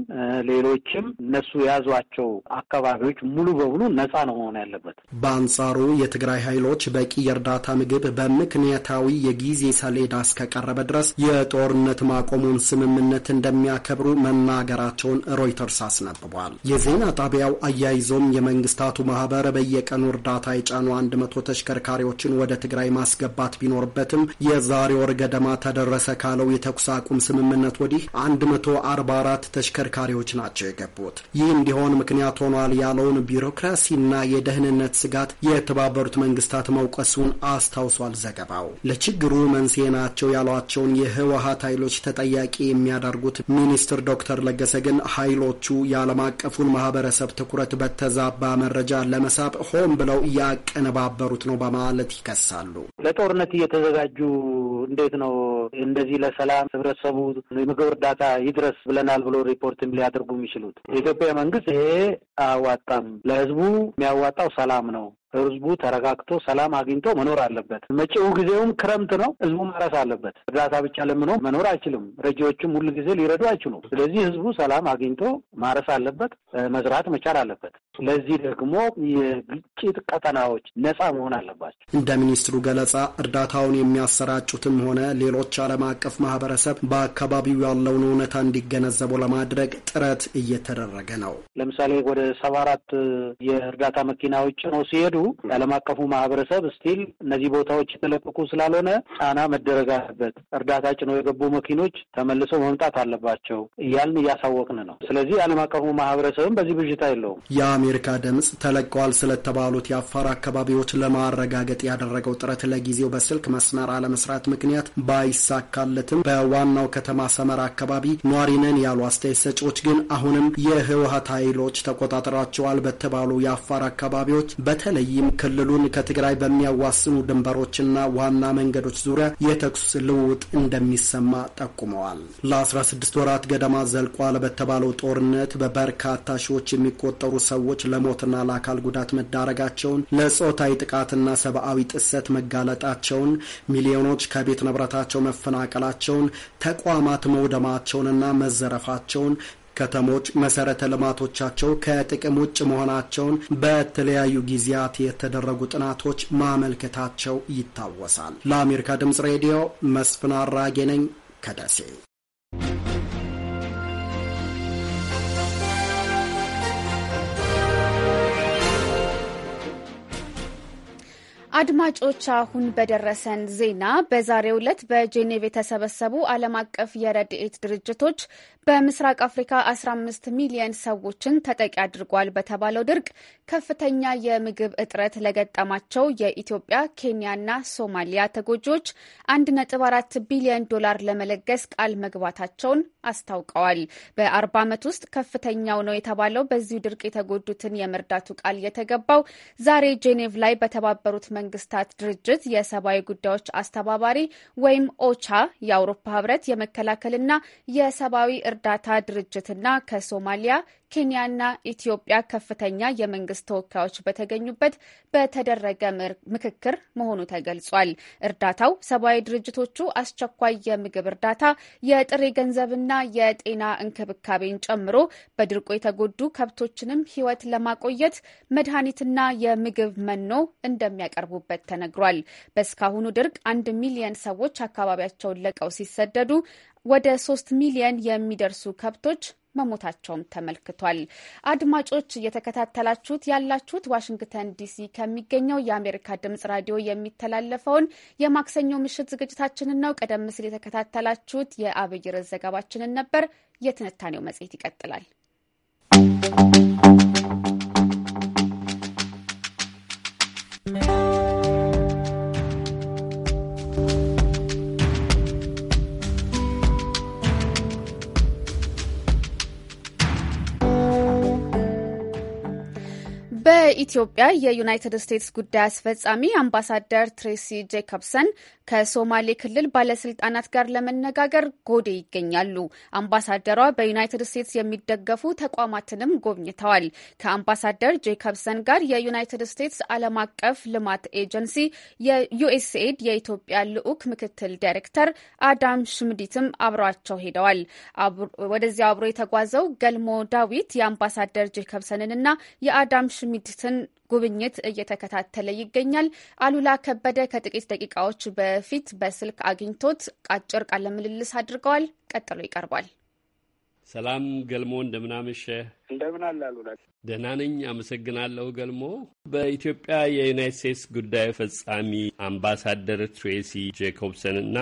ሌሎችም እነሱ የያዟቸው አካባቢዎች ሙሉ በሙሉ ነፃ ነው መሆን ያለበት። በአንጻሩ የትግራይ ኃይሎች በቂ የእርዳታ ምግብ በምክንያታዊ የጊዜ ሰሌዳ እስከቀረበ ድረስ የጦርነት ማቆሙን ስምም ስምምነት እንደሚያከብሩ መናገራቸውን ሮይተርስ አስነብቧል። የዜና ጣቢያው አያይዞም የመንግስታቱ ማህበር በየቀኑ እርዳታ የጫኑ 100 ተሽከርካሪዎችን ወደ ትግራይ ማስገባት ቢኖርበትም የዛሬ ወር ገደማ ተደረሰ ካለው የተኩስ አቁም ስምምነት ወዲህ 144 ተሽከርካሪዎች ናቸው የገቡት። ይህ እንዲሆን ምክንያት ሆኗል ያለውን ቢሮክራሲና የደህንነት ስጋት የተባበሩት መንግስታት መውቀሱን አስታውሷል ዘገባው። ለችግሩ መንስኤ ናቸው ያሏቸውን የህወሀት ኃይሎች ተጠያቂ የሚያደርጉት ሚኒስትር ዶክተር ለገሰ ግን ኃይሎቹ የዓለም አቀፉን ማህበረሰብ ትኩረት በተዛባ መረጃ ለመሳብ ሆን ብለው እያቀነባበሩት ነው በማለት ይከሳሉ። ለጦርነት እየተዘጋጁ እንዴት ነው እንደዚህ ለሰላም ህብረተሰቡ የምግብ እርዳታ ይድረስ ብለናል ብሎ ሪፖርትም ሊያደርጉ የሚችሉት የኢትዮጵያ መንግስት ይሄ አያዋጣም፣ ለህዝቡ የሚያዋጣው ሰላም ነው ህዝቡ ተረጋግቶ ሰላም አግኝቶ መኖር አለበት። መጪው ጊዜውም ክረምት ነው። ህዝቡ ማረስ አለበት። እርዳታ ብቻ ለምኖ መኖር አይችልም። ረጂዎችም ሁሉ ጊዜ ሊረዱ አይችሉም። ስለዚህ ህዝቡ ሰላም አግኝቶ ማረስ አለበት፣ መዝራት መቻል አለበት። ለዚህ ደግሞ የግጭት ቀጠናዎች ነጻ መሆን አለባቸው። እንደ ሚኒስትሩ ገለጻ እርዳታውን የሚያሰራጩትም ሆነ ሌሎች ዓለም አቀፍ ማህበረሰብ በአካባቢው ያለውን እውነታ እንዲገነዘቡ ለማድረግ ጥረት እየተደረገ ነው። ለምሳሌ ወደ ሰባ አራት የእርዳታ መኪናዎች ነው ሲሄዱ የአለም አቀፉ ማህበረሰብ ስቲል እነዚህ ቦታዎች የተለቀቁ ስላልሆነ ጫና መደረግ አለበት። እርዳታ ጭነው የገቡ መኪኖች ተመልሰው መምጣት አለባቸው እያልን እያሳወቅን ነው። ስለዚህ የዓለም አቀፉ ማህበረሰብም በዚህ ብዥታ የለውም። የአሜሪካ ድምጽ ተለቀዋል ስለተባሉት የአፋር አካባቢዎች ለማረጋገጥ ያደረገው ጥረት ለጊዜው በስልክ መስመር አለመስራት ምክንያት ባይሳካለትም በዋናው ከተማ ሰመራ አካባቢ ኗሪ ነን ያሉ አስተያየት ሰጪዎች ግን አሁንም የህወሀት ኃይሎች ተቆጣጥራቸዋል በተባሉ የአፋር አካባቢዎች በተለይ በተለይም ክልሉን ከትግራይ በሚያዋስኑ ድንበሮችና ዋና መንገዶች ዙሪያ የተኩስ ልውውጥ እንደሚሰማ ጠቁመዋል። ለ16 ወራት ገደማ ዘልቋል በተባለው ጦርነት በበርካታ ሺዎች የሚቆጠሩ ሰዎች ለሞትና ለአካል ጉዳት መዳረጋቸውን፣ ለጾታዊ ጥቃትና ሰብአዊ ጥሰት መጋለጣቸውን፣ ሚሊዮኖች ከቤት ንብረታቸው መፈናቀላቸውን፣ ተቋማት መውደማቸውንና መዘረፋቸውን ከተሞች መሰረተ ልማቶቻቸው ከጥቅም ውጭ መሆናቸውን በተለያዩ ጊዜያት የተደረጉ ጥናቶች ማመልከታቸው ይታወሳል። ለአሜሪካ ድምፅ ሬዲዮ መስፍን አራጌ ነኝ ከደሴ። አድማጮች አሁን በደረሰን ዜና በዛሬው ዕለት በጄኔቭ የተሰበሰቡ ዓለም አቀፍ የረድኤት ድርጅቶች በምስራቅ አፍሪካ 15 ሚሊየን ሰዎችን ተጠቂ አድርጓል በተባለው ድርቅ ከፍተኛ የምግብ እጥረት ለገጠማቸው የኢትዮጵያ፣ ኬንያና ሶማሊያ ተጎጂዎች 1.4 ቢሊየን ዶላር ለመለገስ ቃል መግባታቸውን አስታውቀዋል። በ40 ዓመት ውስጥ ከፍተኛው ነው የተባለው በዚሁ ድርቅ የተጎዱትን የመርዳቱ ቃል የተገባው ዛሬ ጄኔቭ ላይ በተባበሩት መንግስት መንግስታት ድርጅት የሰብአዊ ጉዳዮች አስተባባሪ ወይም ኦቻ፣ የአውሮፓ ህብረት የመከላከልና የሰብአዊ እርዳታ ድርጅትና ከሶማሊያ ኬንያና ኢትዮጵያ ከፍተኛ የመንግስት ተወካዮች በተገኙበት በተደረገ ምክክር መሆኑ ተገልጿል። እርዳታው ሰብአዊ ድርጅቶቹ አስቸኳይ የምግብ እርዳታ፣ የጥሬ ገንዘብና የጤና እንክብካቤን ጨምሮ በድርቆ የተጎዱ ከብቶችንም ህይወት ለማቆየት መድኃኒትና የምግብ መኖ እንደሚያቀርቡበት ተነግሯል። በእስካሁኑ ድርቅ አንድ ሚሊየን ሰዎች አካባቢያቸውን ለቀው ሲሰደዱ ወደ ሶስት ሚሊየን የሚደርሱ ከብቶች መሞታቸውም ተመልክቷል። አድማጮች እየተከታተላችሁት ያላችሁት ዋሽንግተን ዲሲ ከሚገኘው የአሜሪካ ድምጽ ራዲዮ የሚተላለፈውን የማክሰኞ ምሽት ዝግጅታችንን ነው። ቀደም ሲል የተከታተላችሁት የአብይ ርዕስ ዘገባችንን ነበር። የትንታኔው መጽሔት ይቀጥላል። በኢትዮጵያ የዩናይትድ ስቴትስ ጉዳይ አስፈጻሚ አምባሳደር ትሬሲ ጄኮብሰን ከሶማሌ ክልል ባለስልጣናት ጋር ለመነጋገር ጎዴ ይገኛሉ። አምባሳደሯ በዩናይትድ ስቴትስ የሚደገፉ ተቋማትንም ጎብኝተዋል። ከአምባሳደር ጄኮብሰን ጋር የዩናይትድ ስቴትስ ዓለም አቀፍ ልማት ኤጀንሲ የዩኤስኤድ የኢትዮጵያ ልዑክ ምክትል ዳይሬክተር አዳም ሽምዲትም አብረዋቸው ሄደዋል። ወደዚያ አብሮ የተጓዘው ገልሞ ዳዊት የአምባሳደር ጄኮብሰንንና የአዳም ሽምዲት መንግስትን ጉብኝት እየተከታተለ ይገኛል። አሉላ ከበደ ከጥቂት ደቂቃዎች በፊት በስልክ አግኝቶት አጭር ቃለ ምልልስ አድርገዋል። ቀጥሎ ይቀርባል። ሰላም ገልሞ፣ እንደምናመሸ እንደምን አለ አሉላ? ደህና ነኝ አመሰግናለሁ ገልሞ። በኢትዮጵያ የዩናይት ስቴትስ ጉዳይ ፈጻሚ አምባሳደር ትሬሲ ጄኮብሰን እና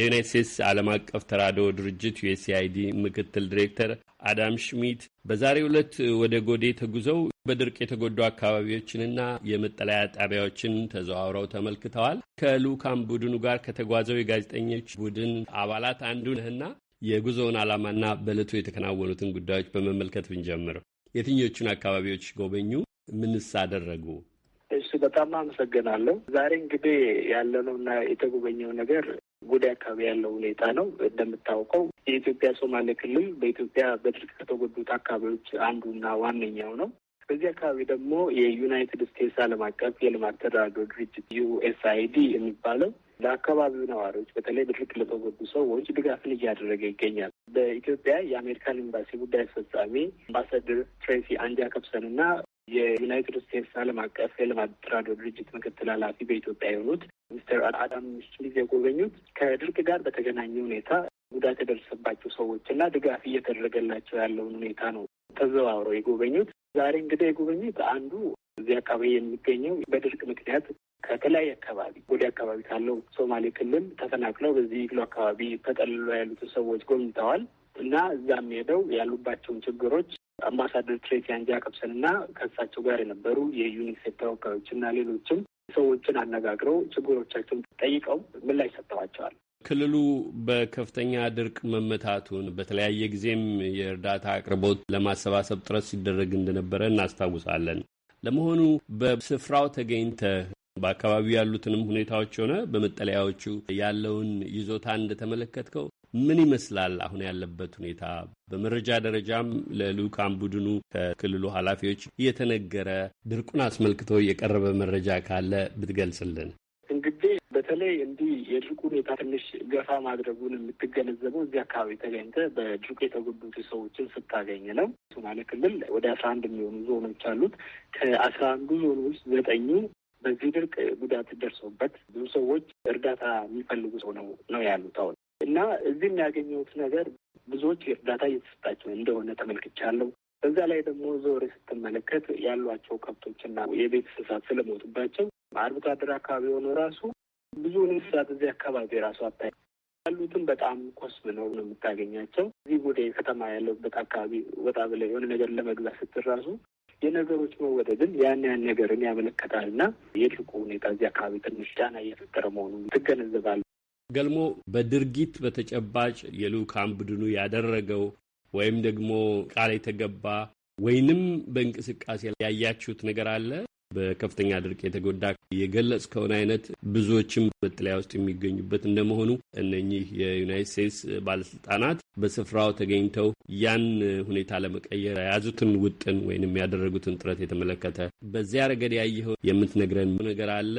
የዩናይት ስቴትስ ዓለም አቀፍ ተራድኦ ድርጅት ዩኤስኤአይዲ ምክትል ዲሬክተር አዳም ሽሚት በዛሬው ዕለት ወደ ጎዴ ተጉዘው በድርቅ የተጎዱ አካባቢዎችንና የመጠለያ ጣቢያዎችን ተዘዋውረው ተመልክተዋል። ከልዑካን ቡድኑ ጋር ከተጓዘው የጋዜጠኞች ቡድን አባላት አንዱ ነህና የጉዞውን ዓላማና በዕለቱ የተከናወኑትን ጉዳዮች በመመልከት ብንጀምር፣ የትኞቹን አካባቢዎች ጎበኙ? ምንስ አደረጉ? እሱ በጣም አመሰግናለሁ። ዛሬ እንግዲህ ያለነውና የተጎበኘው ነገር ጉዳይ አካባቢ ያለው ሁኔታ ነው። እንደምታውቀው የኢትዮጵያ ሶማሌ ክልል በኢትዮጵያ በድርቅ ከተጎዱት አካባቢዎች አንዱና ዋነኛው ነው። በዚህ አካባቢ ደግሞ የዩናይትድ ስቴትስ ዓለም አቀፍ የልማት ተራድኦ ድርጅት ዩኤስአይዲ የሚባለው ለአካባቢው ነዋሪዎች በተለይ በድርቅ ለተጎዱ ሰዎች ድጋፍን እያደረገ ይገኛል። በኢትዮጵያ የአሜሪካን ኤምባሲ ጉዳይ አስፈጻሚ አምባሳደር ትሬሲ አንጃ ከብሰን እና የዩናይትድ ስቴትስ ዓለም አቀፍ የልማት ተራድኦ ድርጅት ምክትል ኃላፊ በኢትዮጵያ የሆኑት ሚስተር አዳም ስሚዝ የጎበኙት ከድርቅ ጋር በተገናኘ ሁኔታ ጉዳት የደረሰባቸው ሰዎች እና ድጋፍ እየተደረገላቸው ያለውን ሁኔታ ነው ተዘዋውረው የጎበኙት። ዛሬ እንግዲህ የጎበኙት አንዱ እዚህ አካባቢ የሚገኘው በድርቅ ምክንያት ከተለያየ አካባቢ ወደ አካባቢ ካለው ሶማሌ ክልል ተፈናቅለው በዚህ ግሎ አካባቢ ተጠልሎ ያሉትን ሰዎች ጎብኝተዋል እና እዛም ሄደው ያሉባቸውን ችግሮች አምባሳደር ትሬሲ ከብሰን እና ከእሳቸው ጋር የነበሩ የዩኒሴፍ ተወካዮች እና ሌሎችም ሰዎችን አነጋግረው ችግሮቻቸውን ጠይቀው ምላሽ ሰጥተዋቸዋል። ክልሉ በከፍተኛ ድርቅ መመታቱን በተለያየ ጊዜም የእርዳታ አቅርቦት ለማሰባሰብ ጥረት ሲደረግ እንደነበረ እናስታውሳለን። ለመሆኑ በስፍራው ተገኝተህ በአካባቢው ያሉትንም ሁኔታዎች ሆነ በመጠለያዎቹ ያለውን ይዞታ እንደተመለከትከው ምን ይመስላል አሁን ያለበት ሁኔታ? በመረጃ ደረጃም ለልዑካን ቡድኑ ከክልሉ ኃላፊዎች እየተነገረ ድርቁን አስመልክቶ የቀረበ መረጃ ካለ ብትገልጽልን። እንግዲህ በተለይ እንዲህ የድርቁ ሁኔታ ትንሽ ገፋ ማድረጉን የምትገነዘበው እዚህ አካባቢ ተገኝተ በድርቁ የተጎዱት ሰዎችን ስታገኝ ነው። ሶማሌ ክልል ወደ አስራ አንድ የሚሆኑ ዞኖች አሉት። ከአስራ አንዱ ዞኖች ዘጠኙ በዚህ ድርቅ ጉዳት ደርሶበት ብዙ ሰዎች እርዳታ የሚፈልጉ ሰው ነው ነው ያሉት አሁን እና እዚህ የሚያገኘሁት ነገር ብዙዎች እርዳታ እየተሰጣቸው እንደሆነ ተመልክቻለሁ። በዛ ላይ ደግሞ ዞር ስትመለከት ያሏቸው ከብቶችና የቤት እንስሳት ስለሞቱባቸው አርብቶ አደር አካባቢ የሆነ ራሱ ብዙውን እንስሳት እዚህ አካባቢ ራሱ አታ ያሉትም በጣም ኮስም ነው ነው የምታገኛቸው። እዚህ ወደ ከተማ ያለበት አካባቢ ወጣ ብለህ የሆነ ነገር ለመግዛት ስትል ራሱ የነገሮች መወደድን ያን ያን ነገርን ያመለከታል እና የድርቁ ሁኔታ እዚህ አካባቢ ትንሽ ጫና እየፈጠረ መሆኑን ትገነዘባለህ። ገልሞ በድርጊት በተጨባጭ የልዑካን ቡድኑ ያደረገው ወይም ደግሞ ቃል የተገባ ወይንም በእንቅስቃሴ ያያችሁት ነገር አለ? በከፍተኛ ድርቅ የተጎዳ የገለጽ ከሆነ አይነት ብዙዎችም በጥለያ ውስጥ የሚገኙበት እንደመሆኑ እነኚህ የዩናይት ስቴትስ ባለስልጣናት በስፍራው ተገኝተው ያን ሁኔታ ለመቀየር የያዙትን ውጥን ወይንም ያደረጉትን ጥረት የተመለከተ በዚያ ረገድ ያየኸው የምትነግረን ነገር አለ?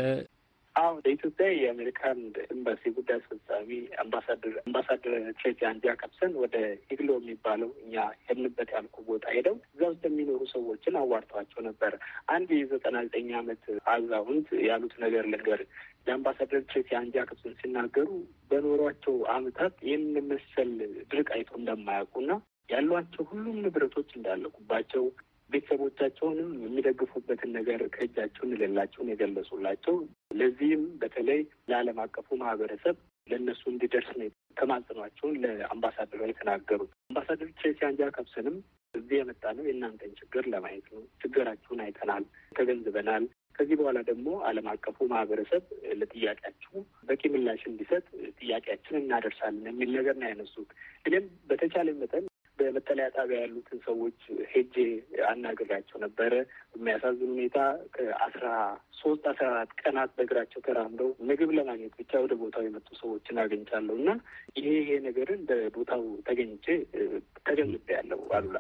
አሁ በኢትዮጵያ የአሜሪካን ኤምባሲ ጉዳይ አስፈጻሚ አምባሳደር አምባሳደር ትሬሲ አንጃ ከብሰን ወደ ሂግሎ የሚባለው እኛ ሄድንበት ያልኩ ቦታ ሄደው እዛ ውስጥ የሚኖሩ ሰዎችን አዋርተዋቸው ነበር። አንድ የዘጠና ዘጠኝ ዓመት አዛውንት ያሉት ነገር ልንገር። የአምባሳደር ትሬሲ አንጃ ከብሰን ሲናገሩ በኖሯቸው ዓመታት ይህን መሰል ድርቅ አይቶ እንደማያውቁና ያሏቸው ሁሉም ንብረቶች እንዳለቁባቸው ቤተሰቦቻቸውንም የሚደግፉበትን ነገር ከእጃቸው እንደሌላቸውን የገለጹላቸው ለዚህም በተለይ ለዓለም አቀፉ ማህበረሰብ ለእነሱ እንዲደርስ ነው ተማጽኗቸውን ለአምባሳደሯ የተናገሩት። አምባሳደር ትሬሲ ከብሰንም እዚህ የመጣ ነው የእናንተን ችግር ለማየት ነው። ችግራችሁን አይተናል፣ ተገንዝበናል። ከዚህ በኋላ ደግሞ ዓለም አቀፉ ማህበረሰብ ለጥያቄያችሁ በቂ ምላሽ እንዲሰጥ ጥያቄያችን እናደርሳለን የሚል ነገር ነው ያነሱት። እኔም በተቻለ መጠን በመጠለያ ጣቢያ ያሉትን ሰዎች ሄጄ አናግሬያቸው ነበረ። በሚያሳዝን ሁኔታ ከአስራ ሶስት አስራ አራት ቀናት በእግራቸው ተራምደው ምግብ ለማግኘት ብቻ ወደ ቦታው የመጡ ሰዎችን አገኝቻለሁ እና ይሄ ይሄ ነገርን በቦታው ተገኝቼ ተገንዝቤ ያለው አሉላ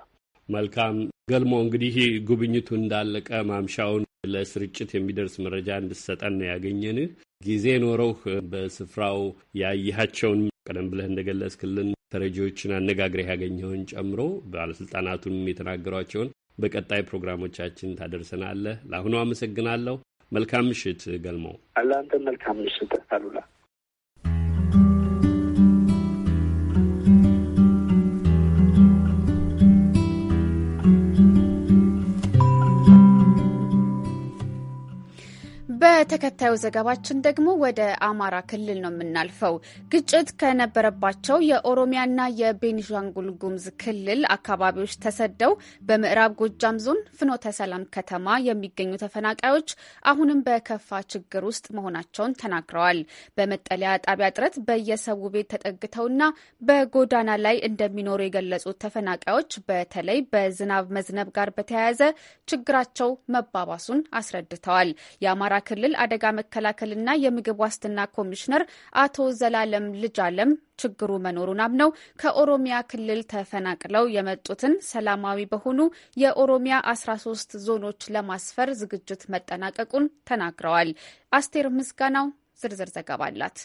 መልካም ገልሞ እንግዲህ ጉብኝቱ እንዳለቀ ማምሻውን ለስርጭት የሚደርስ መረጃ እንድሰጠን ያገኘንህ ጊዜ ኖረው በስፍራው ያየሃቸውን ቀደም ብለህ እንደገለጽክልን ተረጂዎችን አነጋግረህ ያገኘውን ጨምሮ ባለስልጣናቱንም የተናገሯቸውን በቀጣይ ፕሮግራሞቻችን ታደርሰናለህ። ለአሁኑ አመሰግናለሁ። መልካም ምሽት ገልመው። አላንተ መልካም ምሽት አሉላ። በተከታዩ ዘገባችን ደግሞ ወደ አማራ ክልል ነው የምናልፈው። ግጭት ከነበረባቸው የኦሮሚያና የቤኒሻንጉል ጉሙዝ ክልል አካባቢዎች ተሰደው በምዕራብ ጎጃም ዞን ፍኖተ ሰላም ከተማ የሚገኙ ተፈናቃዮች አሁንም በከፋ ችግር ውስጥ መሆናቸውን ተናግረዋል። በመጠለያ ጣቢያ እጥረት በየሰው ቤት ተጠግተውና በጎዳና ላይ እንደሚኖሩ የገለጹት ተፈናቃዮች በተለይ በዝናብ መዝነብ ጋር በተያያዘ ችግራቸው መባባሱን አስረድተዋል። የአማራ ክልል አደጋ መከላከልና የምግብ ዋስትና ኮሚሽነር አቶ ዘላለም ልጃለም ችግሩ መኖሩን አምነው ከኦሮሚያ ክልል ተፈናቅለው የመጡትን ሰላማዊ በሆኑ የኦሮሚያ 13 ዞኖች ለማስፈር ዝግጅት መጠናቀቁን ተናግረዋል። አስቴር ምስጋናው ዝርዝር ዘገባ አላት።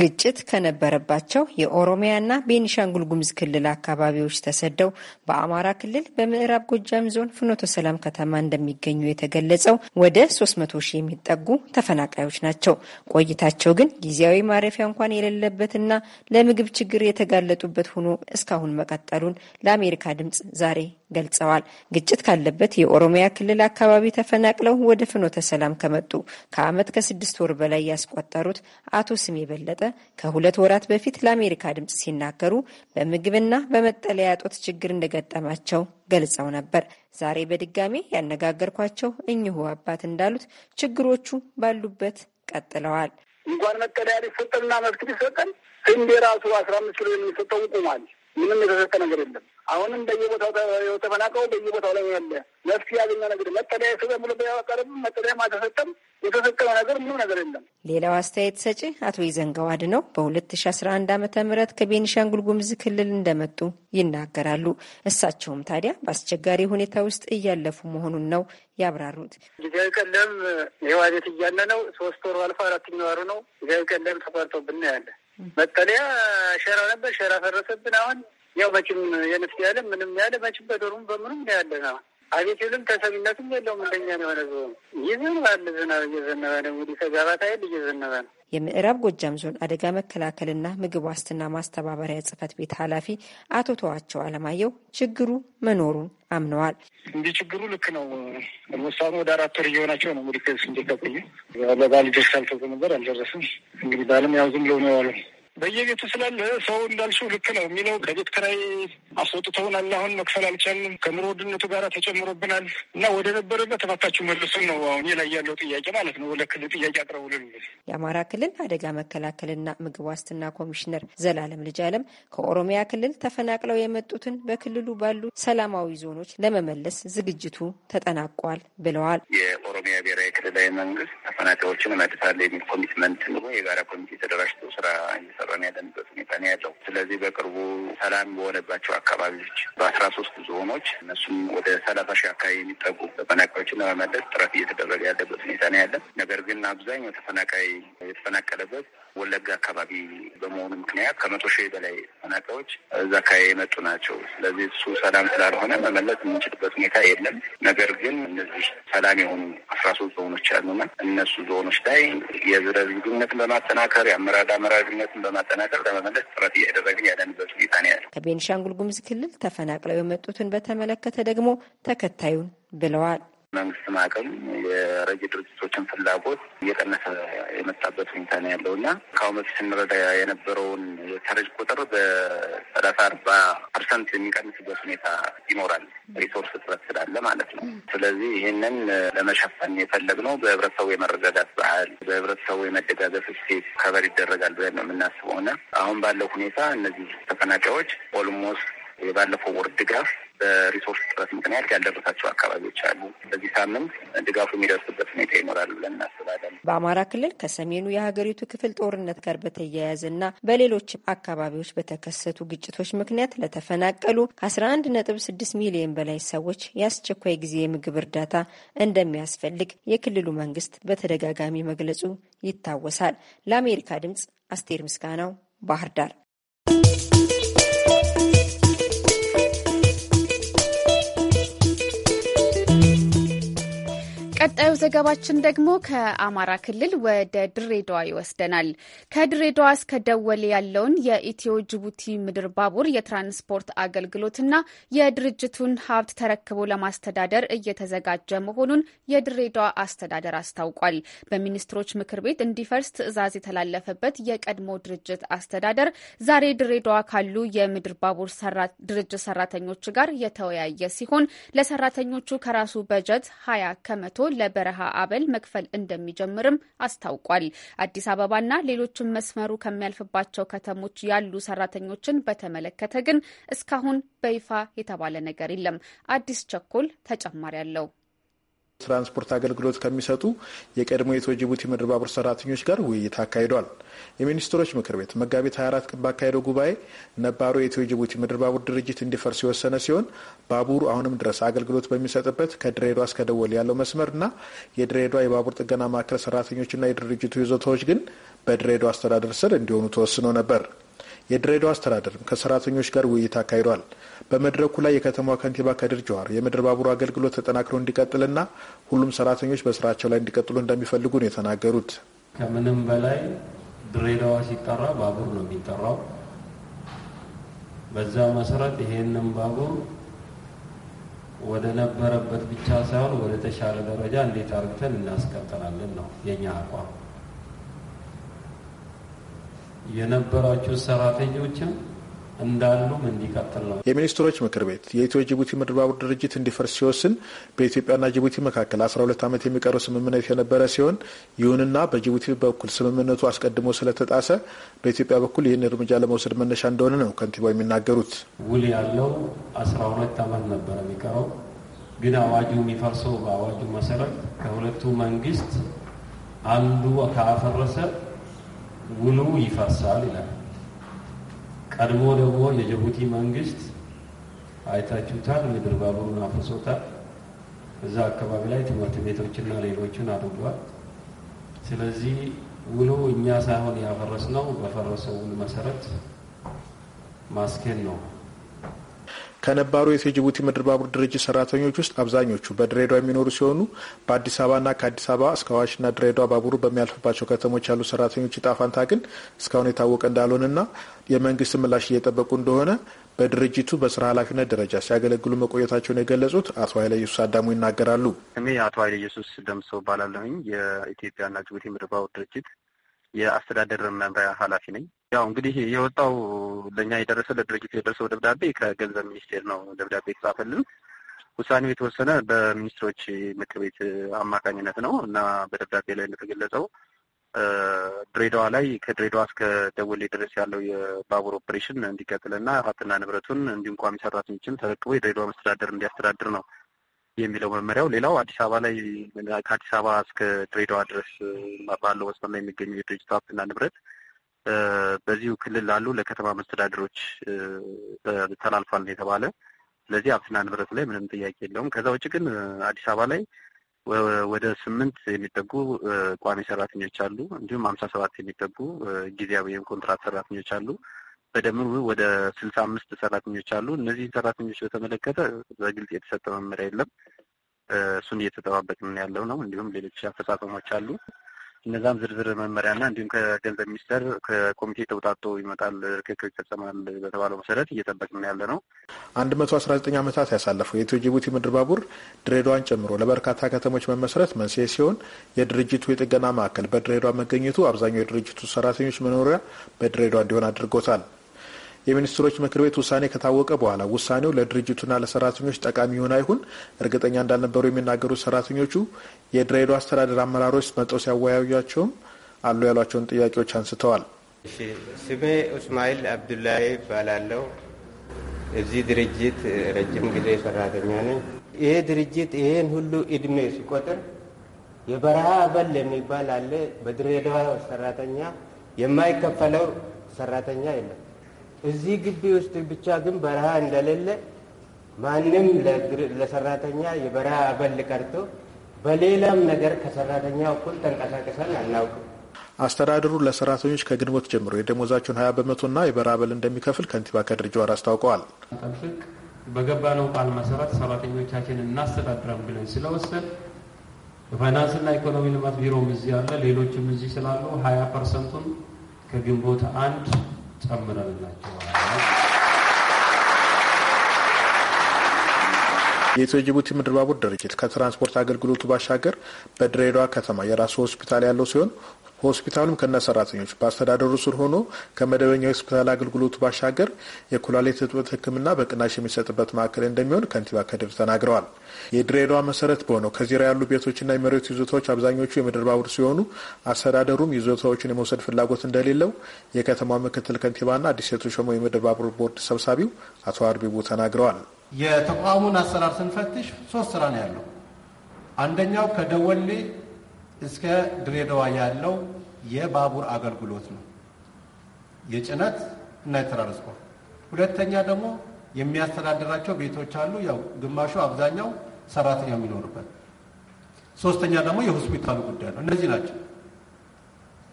ግጭት ከነበረባቸው የኦሮሚያና ቤኒሻንጉል ጉሙዝ ክልል አካባቢዎች ተሰደው በአማራ ክልል በምዕራብ ጎጃም ዞን ፍኖተ ሰላም ከተማ እንደሚገኙ የተገለጸው ወደ 300 ሺህ የሚጠጉ ተፈናቃዮች ናቸው። ቆይታቸው ግን ጊዜያዊ ማረፊያ እንኳን የሌለበትና ለምግብ ችግር የተጋለጡበት ሆኖ እስካሁን መቀጠሉን ለአሜሪካ ድምጽ ዛሬ ገልጸዋል። ግጭት ካለበት የኦሮሚያ ክልል አካባቢ ተፈናቅለው ወደ ፍኖተ ሰላም ከመጡ ከዓመት ከስድስት ወር በላይ ያስቆጠሩት አቶ ስሜ በለጠ ከሁለት ወራት በፊት ለአሜሪካ ድምፅ ሲናገሩ በምግብና በመጠለያ እጦት ችግር እንደገጠማቸው ገልጸው ነበር። ዛሬ በድጋሜ ያነጋገርኳቸው እኚሁ አባት እንዳሉት ችግሮቹ ባሉበት ቀጥለዋል። እንኳን መጠለያ ሊሰጠንና መብት ሊሰጠን እንዴ ራሱ አስራ አምስት ኪሎ የሚሰጠው ቁሟል ምንም የተሰጠ ነገር የለም። አሁንም በየቦታው ተፈናቀው በየቦታው ላይ ያለ መፍትሄ ያገኘ ነገር መጠለያ ሰጠን ብሎ ቢያቀርብ መጠለያም አልተሰጠም። የተሰጠው ነገር ምንም ነገር የለም። ሌላው አስተያየት ሰጪ አቶ ይዘንጋው አድነው በ2011 ዓ ም ከቤኒሻንጉል ጉምዝ ክልል እንደመጡ ይናገራሉ። እሳቸውም ታዲያ በአስቸጋሪ ሁኔታ ውስጥ እያለፉ መሆኑን ነው ያብራሩት። ጊዜያዊ ቀለም የዋዜት እያለ ነው ሶስት ወሩ አልፎ አራተኛ ወሩ ነው ጊዜያዊ ቀለም ተቋርጦብን ያለ መጠለያ ሸራ ነበር፣ ሸራ ፈረሰብን። አሁን ያው መችም የንፍስ ያለ ምንም ያለ መችም በዶሩም በምኑም ነው አቤቴልም ተሰሚነትም የለውም። እንደኛ ነው የሆነ ዝሆን ይዘንባል። ዝናብ እየዘነበ ነው እንግዲህ ከጋባታ ይል እየዘነበ ነው። የምዕራብ ጎጃም ዞን አደጋ መከላከልና ምግብ ዋስትና ማስተባበሪያ ጽሕፈት ቤት ኃላፊ አቶ ተዋቸው አለማየሁ ችግሩ መኖሩን አምነዋል። እንዲህ ችግሩ ልክ ነው። ለምሳሌ ወደ አራት ወር እየሆናቸው ነው እንግዲህ ከስንዴ ከቆየ ለባል ደርሳል ተብሎ ነበር አልደረስም። እንግዲህ ባለም ያው ዝም ብለው ነው ያለው በየቤቱ ስላለ ሰው እንዳልሹ ልክ ነው የሚለው ከቤት ኪራይ አስወጥተውናል። አሁን መክፈል አልቻልንም። ከኑሮ ውድነቱ ጋር ተጨምሮብናል እና ወደ ነበረበት እባካችሁ መልሱን ነው አሁን ላይ ያለው ጥያቄ ማለት ነው። ለክልል ጥያቄ አቅርቡልን። የአማራ ክልል አደጋ መከላከልና ምግብ ዋስትና ኮሚሽነር ዘላለም ልጅ አለም ከኦሮሚያ ክልል ተፈናቅለው የመጡትን በክልሉ ባሉ ሰላማዊ ዞኖች ለመመለስ ዝግጅቱ ተጠናቋል ብለዋል። የኦሮሚያ ብሔራዊ ክልላዊ መንግስት ተፈናቃዮችን መልሳለ የሚል ኮሚትመንት ኑሮ የጋራ ኮሚቴ ተደራጅቶ ስራ እየሰራ እየሰራን ያለንበት ሁኔታ ነው ያለው። ስለዚህ በቅርቡ ሰላም በሆነባቸው አካባቢዎች በአስራ ሶስት ዞኖች እነሱም ወደ ሰላሳ ሺህ አካባቢ የሚጠጉ ተፈናቃዮችን ለመመለስ ጥረት እየተደረገ ያለበት ሁኔታ ነው ያለን። ነገር ግን አብዛኛው ተፈናቃይ የተፈናቀለበት ወለጋ አካባቢ በመሆኑ ምክንያት ከመቶ ሺህ በላይ ተፈናቃዮች እዛ አካባቢ የመጡ ናቸው። ስለዚህ እሱ ሰላም ስላልሆነ መመለስ የምንችልበት ሁኔታ የለም። ነገር ግን እነዚህ ሰላም የሆኑ አስራ ሶስት ዞኖች ያሉና እነሱ ዞኖች ላይ የዝረዝግነትን በማጠናከር የአመራር አመራርነትን በማጠናከር ለመመለስ ጥረት እያደረግን ያለንበት ሁኔታ ነው ያለ። ከቤንሻንጉል ጉሙዝ ክልል ተፈናቅለው የመጡትን በተመለከተ ደግሞ ተከታዩን ብለዋል። መንግስት አቅም የረጅ ድርጅቶችን ፍላጎት እየቀነሰ የመጣበት ሁኔታ ነው ያለው እና ከአሁን በፊት ስንረዳ የነበረውን የተረጅ ቁጥር በሰላሳ አርባ ፐርሰንት የሚቀንስበት ሁኔታ ይኖራል። ሪሶርስ እጥረት ስላለ ማለት ነው። ስለዚህ ይህንን ለመሸፈን የፈለግነው በህብረተሰቡ የመረጋጋት ባህል፣ በህብረተሰቡ የመደጋገፍ እሴት ከበር ይደረጋል ብለን ነው የምናስበው እና አሁን ባለው ሁኔታ እነዚህ ተፈናቃዮች ኦልሞስት የባለፈው ወር ድጋፍ በሪሶርስ ጥረት ምክንያት ያልደረሳቸው አካባቢዎች አሉ። በዚህ ሳምንት ድጋፉ የሚደርስበት ሁኔታ ይኖራል ብለን እናስባለን። በአማራ ክልል ከሰሜኑ የሀገሪቱ ክፍል ጦርነት ጋር በተያያዘ እና በሌሎች አካባቢዎች በተከሰቱ ግጭቶች ምክንያት ለተፈናቀሉ ከ አንድ ነጥብ ስድስት ሚሊዮን በላይ ሰዎች የአስቸኳይ ጊዜ የምግብ እርዳታ እንደሚያስፈልግ የክልሉ መንግስት በተደጋጋሚ መግለጹ ይታወሳል። ለአሜሪካ ድምጽ አስቴር ምስጋናው ባህር ዳር ቀጣዩ ዘገባችን ደግሞ ከአማራ ክልል ወደ ድሬዳዋ ይወስደናል። ከድሬዳዋ እስከ ደወሌ ያለውን የኢትዮ ጅቡቲ ምድር ባቡር የትራንስፖርት አገልግሎትና የድርጅቱን ሀብት ተረክቦ ለማስተዳደር እየተዘጋጀ መሆኑን የድሬዳዋ አስተዳደር አስታውቋል። በሚኒስትሮች ምክር ቤት እንዲፈርስ ትዕዛዝ የተላለፈበት የቀድሞ ድርጅት አስተዳደር ዛሬ ድሬዳዋ ካሉ የምድር ባቡር ድርጅት ሰራተኞች ጋር የተወያየ ሲሆን ለሰራተኞቹ ከራሱ በጀት ሀያ ከመቶ ለበረሃ አበል መክፈል እንደሚጀምርም አስታውቋል። አዲስ አበባና ሌሎችም መስመሩ ከሚያልፍባቸው ከተሞች ያሉ ሰራተኞችን በተመለከተ ግን እስካሁን በይፋ የተባለ ነገር የለም። አዲስ ቸኮል ተጨማሪ አለው። ትራንስፖርት አገልግሎት ከሚሰጡ የቀድሞ የኢትዮ ጅቡቲ ምድር ባቡር ሰራተኞች ጋር ውይይት አካሂዷል። የሚኒስትሮች ምክር ቤት መጋቢት 24 ቀን ባካሄደው ጉባኤ ነባሩ የኢትዮ ጅቡቲ ምድር ባቡር ድርጅት እንዲፈርስ የወሰነ ሲሆን ባቡሩ አሁንም ድረስ አገልግሎት በሚሰጥበት ከድሬዳዋ እስከ ደወል ያለው መስመርና የድሬዳዋ የባቡር ጥገና ማዕከል ሰራተኞችና የድርጅቱ ይዞታዎች ግን በድሬዳዋ አስተዳደር ስር እንዲሆኑ ተወስኖ ነበር። የድሬዳዋ አስተዳደርም ከሰራተኞች ጋር ውይይት አካሂዷል። በመድረኩ ላይ የከተማዋ ከንቲባ ከድር ጀዋር የምድር ባቡሩ አገልግሎት ተጠናክሮ እንዲቀጥልና ሁሉም ሰራተኞች በስራቸው ላይ እንዲቀጥሉ እንደሚፈልጉ ነው የተናገሩት። ከምንም በላይ ድሬዳዋ ሲጠራ ባቡር ነው የሚጠራው። በዛ መሰረት ይሄንን ባቡር ወደ ነበረበት ብቻ ሳይሆን ወደ ተሻለ ደረጃ እንዴት አርግተን እናስቀጥላለን ነው የኛ አቋም። የነበራችሁ ሰራተኞችም እንዳሉም እንዲቀጥል ነው። የሚኒስትሮች ምክር ቤት የኢትዮ ጅቡቲ ምድር ባቡር ድርጅት እንዲፈርስ ሲወስን በኢትዮጵያና ጅቡቲ መካከል 12 ዓመት የሚቀረው ስምምነት የነበረ ሲሆን ይሁንና በጅቡቲ በኩል ስምምነቱ አስቀድሞ ስለተጣሰ በኢትዮጵያ በኩል ይህን እርምጃ ለመውሰድ መነሻ እንደሆነ ነው ከንቲባው የሚናገሩት። ውል ያለው 12 ዓመት ነበር የሚቀረው፣ ግን አዋጁ የሚፈርሰው በአዋጁ መሰረት ከሁለቱ መንግስት አንዱ ካፈረሰ ውሉ ይፈርሳል ይላል። ቀድሞ ደግሞ የጅቡቲ መንግስት አይታችሁታል፣ ምድር ባቡሩን አፍርሶታል። እዛ አካባቢ ላይ ትምህርት ቤቶችና ሌሎችን አድርጓል። ስለዚህ ውሎ እኛ ሳይሆን ነው። በፈረሰው ውል መሰረት ማስኬን ነው። ከነባሩ ጅቡቲ ምድር ባቡር ድርጅት ሰራተኞች ውስጥ አብዛኞቹ በድሬዳዋ የሚኖሩ ሲሆኑ በአዲስ አበባና ከአዲስ አበባ እስከ አዋሽና ድሬዳዋ ባቡሩ በሚያልፍባቸው ከተሞች ያሉ ሰራተኞች እጣ ፈንታ ግን እስካሁን የታወቀ እንዳልሆነና የመንግስት ምላሽ እየጠበቁ እንደሆነ በድርጅቱ በስራ ኃላፊነት ደረጃ ሲያገለግሉ መቆየታቸውን የገለጹት አቶ ኃይለ ኢየሱስ አዳሙ ይናገራሉ። እኔ አቶ ኃይለ ኢየሱስ ደምሰው ባላለሁኝ የኢትዮጵያና ጅቡቲ ምድር ባቡር ድርጅት የአስተዳደር መምሪያ ኃላፊ ነኝ። ያው እንግዲህ የወጣው ለእኛ የደረሰ ለድርጅቱ የደረሰው ደብዳቤ ከገንዘብ ሚኒስቴር ነው ደብዳቤ የተጻፈልን። ውሳኔው የተወሰነ በሚኒስትሮች ምክር ቤት አማካኝነት ነው እና በደብዳቤ ላይ እንደተገለጸው ድሬዳዋ ላይ ከድሬዳዋ እስከ ደወሌ ድረስ ያለው የባቡር ኦፕሬሽን እንዲቀጥልና ሀብትና ንብረቱን እንዲሁም ቋሚ ሰራተኞችን ተረክቦ የድሬዳዋ መስተዳደር እንዲያስተዳድር ነው የሚለው መመሪያው። ሌላው አዲስ አበባ ላይ ከአዲስ አበባ እስከ ድሬዳዋ ድረስ ባለው መስመር ላይ የሚገኙ የድርጅቱ ሀብትና ንብረት በዚሁ ክልል ላሉ ለከተማ መስተዳድሮች ተላልፏል ነው የተባለ። ስለዚህ ሀብትና ንብረት ላይ ምንም ጥያቄ የለውም። ከዛ ውጭ ግን አዲስ አበባ ላይ ወደ ስምንት የሚጠጉ ቋሚ ሰራተኞች አሉ። እንዲሁም ሀምሳ ሰባት የሚጠጉ ጊዜያዊ ወይም ኮንትራት ሰራተኞች አሉ። በድምሩ ወደ ስልሳ አምስት ሰራተኞች አሉ። እነዚህ ሰራተኞች በተመለከተ በግልጽ የተሰጠ መመሪያ የለም። እሱን እየተጠባበቅን ያለው ነው። እንዲሁም ሌሎች አፈጻጸሞች አሉ። እነዛም ዝርዝር መመሪያና እንዲሁም ከገንዘብ ሚኒስቴር ከኮሚቴ ተውጣጦ ይመጣል፣ ርክክብ ይፈጸማል በተባለው መሰረት እየጠበቅን ያለ ነው። አንድ መቶ አስራ ዘጠኝ ዓመታት ያሳለፈው የኢትዮ ጅቡቲ ምድር ባቡር ድሬዳዋን ጨምሮ ለበርካታ ከተሞች መመስረት መንስኤ ሲሆን የድርጅቱ የጥገና ማዕከል በድሬዳዋ መገኘቱ አብዛኛው የድርጅቱ ሰራተኞች መኖሪያ በድሬዳዋ እንዲሆን አድርጎታል። የሚኒስትሮች ምክር ቤት ውሳኔ ከታወቀ በኋላ ውሳኔው ለድርጅቱና ለሰራተኞች ጠቃሚ ይሁን አይሁን እርግጠኛ እንዳልነበሩ የሚናገሩት ሰራተኞቹ የድሬዳዋ አስተዳደር አመራሮች መጠው ሲያወያዩቸውም አሉ ያሏቸውን ጥያቄዎች አንስተዋል። ስሜ እስማኤል አብዱላይ ይባላለው። እዚህ ድርጅት ረጅም ጊዜ ሰራተኛ ነኝ። ይሄ ድርጅት ይሄን ሁሉ እድሜ ሲቆጥር የበረሃ አበል የሚባል አለ። በድሬዳዋ ሰራተኛ የማይከፈለው ሰራተኛ የለም። እዚህ ግቢ ውስጥ ብቻ ግን በረሃ እንደሌለ ማንም ለሰራተኛ የበረሃ አበል ቀርቶ በሌላም ነገር ከሰራተኛ እኩል ተንቀሳቀሰን አናውቅም። አስተዳደሩ ለሰራተኞች ከግንቦት ጀምሮ የደሞዛቸውን ሀያ በመቶና የበረሃ አበል እንደሚከፍል ከንቲባ ከድር ጀዋር አስታውቀዋል። ጠብቅ በገባነው ቃል መሰረት ሰራተኞቻችን እናስተዳድረን ብለን ስለወሰን የፋይናንስና ኢኮኖሚ ልማት ቢሮም እዚህ አለ፣ ሌሎችም እዚህ ስላሉ ሀያ ፐርሰንቱን ከግንቦት አንድ ጨምረንላቸዋል። የኢትዮ ጅቡቲ ምድር ባቡር ድርጅት ከትራንስፖርት አገልግሎቱ ባሻገር በድሬዳዋ ከተማ የራሱ ሆስፒታል ያለው ሲሆን ሆስፒታሉም ከነ ሰራተኞች በአስተዳደሩ ስር ሆኖ ከመደበኛ የሆስፒታል አገልግሎቱ ባሻገር የኩላሊት እጥበት ሕክምና በቅናሽ የሚሰጥበት ማዕከል እንደሚሆን ከንቲባ ከድር ተናግረዋል። የድሬዳዋ መሰረት በሆነው ከዚራ ያሉ ቤቶችና የመሬት ይዞታዎች አብዛኞቹ የምድር ባቡር ሲሆኑ አስተዳደሩም ይዞታዎችን የመውሰድ ፍላጎት እንደሌለው የከተማው ምክትል ከንቲባና አዲስ የተሾመው የምድር ባቡር ቦርድ ሰብሳቢው አቶ አርቢቡ ተናግረዋል። የተቋሙን አሰራር ስንፈትሽ ሶስት ስራ ነው ያለው። አንደኛው ከደወሌ እስከ ድሬዳዋ ያለው የባቡር አገልግሎት ነው፣ የጭነት እና የተራርጽቆ። ሁለተኛ ደግሞ የሚያስተዳድራቸው ቤቶች አሉ፣ ያው ግማሹ አብዛኛው ሰራተኛ የሚኖርበት። ሶስተኛ ደግሞ የሆስፒታሉ ጉዳይ ነው። እነዚህ ናቸው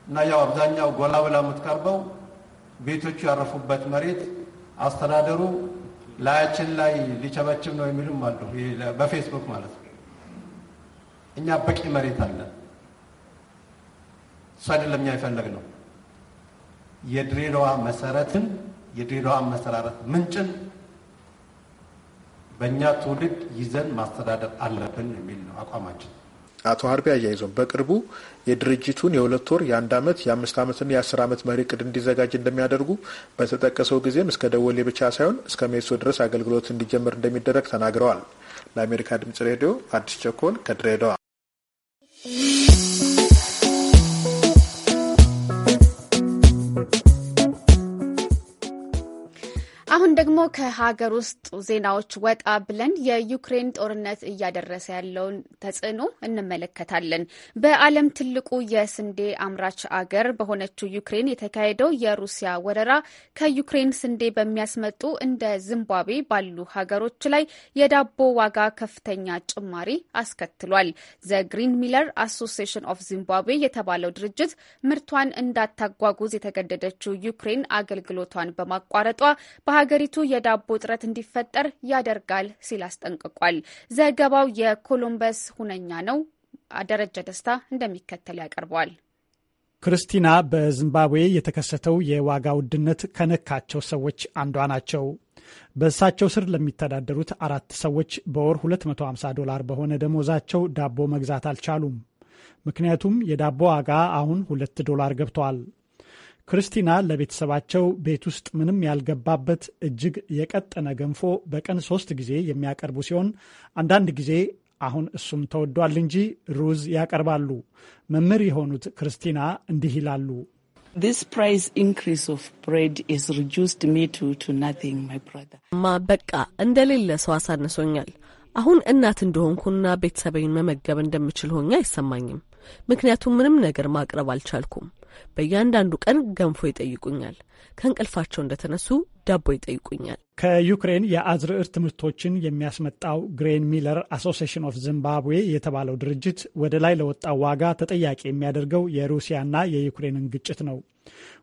እና ያው አብዛኛው ጎላ ብላ የምትቀርበው ቤቶቹ ያረፉበት መሬት አስተዳደሩ ላያችን ላይ ሊቸበችብ ነው የሚሉም አሉ። በፌስቡክ ማለት ነው። እኛ በቂ መሬት አለን። እሱ አይደለም እኛ የፈለግ ነው የድሬዳዋ መሰረትን የድሬዳዋ መሰራረት ምንጭን በእኛ ትውልድ ይዘን ማስተዳደር አለብን የሚል ነው አቋማችን። አቶ ሀርቢ አያይዞ በቅርቡ የድርጅቱን የሁለት ወር የአንድ አመት የአምስት ዓመትና የአስር አመት መሪ እቅድ እንዲዘጋጅ እንደሚያደርጉ በተጠቀሰው ጊዜም እስከ ደወሌ ብቻ ሳይሆን እስከ ሜሶ ድረስ አገልግሎት እንዲጀምር እንደሚደረግ ተናግረዋል። ለአሜሪካ ድምጽ ሬዲዮ አዲስ ቸኮል ከድሬዳዋ አሁን ደግሞ ከሀገር ውስጥ ዜናዎች ወጣ ብለን የዩክሬን ጦርነት እያደረሰ ያለውን ተጽዕኖ እንመለከታለን። በዓለም ትልቁ የስንዴ አምራች አገር በሆነችው ዩክሬን የተካሄደው የሩሲያ ወረራ ከዩክሬን ስንዴ በሚያስመጡ እንደ ዚምባብዌ ባሉ ሀገሮች ላይ የዳቦ ዋጋ ከፍተኛ ጭማሪ አስከትሏል። ዘ ግሪን ሚለር አሶሲሽን ኦፍ ዚምባብዌ የተባለው ድርጅት ምርቷን እንዳታጓጉዝ የተገደደችው ዩክሬን አገልግሎቷን በማቋረጧ በአገሪቱ የዳቦ እጥረት እንዲፈጠር ያደርጋል ሲል አስጠንቅቋል። ዘገባው የኮሎምበስ ሁነኛ ነው። ደረጃ ደስታ እንደሚከተል ያቀርበዋል። ክርስቲና በዚምባብዌ የተከሰተው የዋጋ ውድነት ከነካቸው ሰዎች አንዷ ናቸው። በእሳቸው ስር ለሚተዳደሩት አራት ሰዎች በወር 250 ዶላር በሆነ ደሞዛቸው ዳቦ መግዛት አልቻሉም። ምክንያቱም የዳቦ ዋጋ አሁን ሁለት ዶላር ገብቷል። ክርስቲና ለቤተሰባቸው ቤት ውስጥ ምንም ያልገባበት እጅግ የቀጠነ ገንፎ በቀን ሶስት ጊዜ የሚያቀርቡ ሲሆን አንዳንድ ጊዜ አሁን እሱም ተወዷል እንጂ ሩዝ ያቀርባሉ። መምህር የሆኑት ክርስቲና እንዲህ ይላሉ። ማ በቃ እንደሌለ ሰው አሳንሶኛል። አሁን እናት እንደሆንኩና ቤተሰበኝን መመገብ እንደምችል ሆኜ አይሰማኝም። ምክንያቱም ምንም ነገር ማቅረብ አልቻልኩም። በእያንዳንዱ ቀን ገንፎ ይጠይቁኛል። ከእንቅልፋቸው እንደተነሱ ዳቦ ይጠይቁኛል። ከዩክሬን የአዝርዕት ምርቶችን የሚያስመጣው ግሬን ሚለር አሶሲሽን ኦፍ ዚምባብዌ የተባለው ድርጅት ወደ ላይ ለወጣው ዋጋ ተጠያቂ የሚያደርገው የሩሲያና የዩክሬንን ግጭት ነው።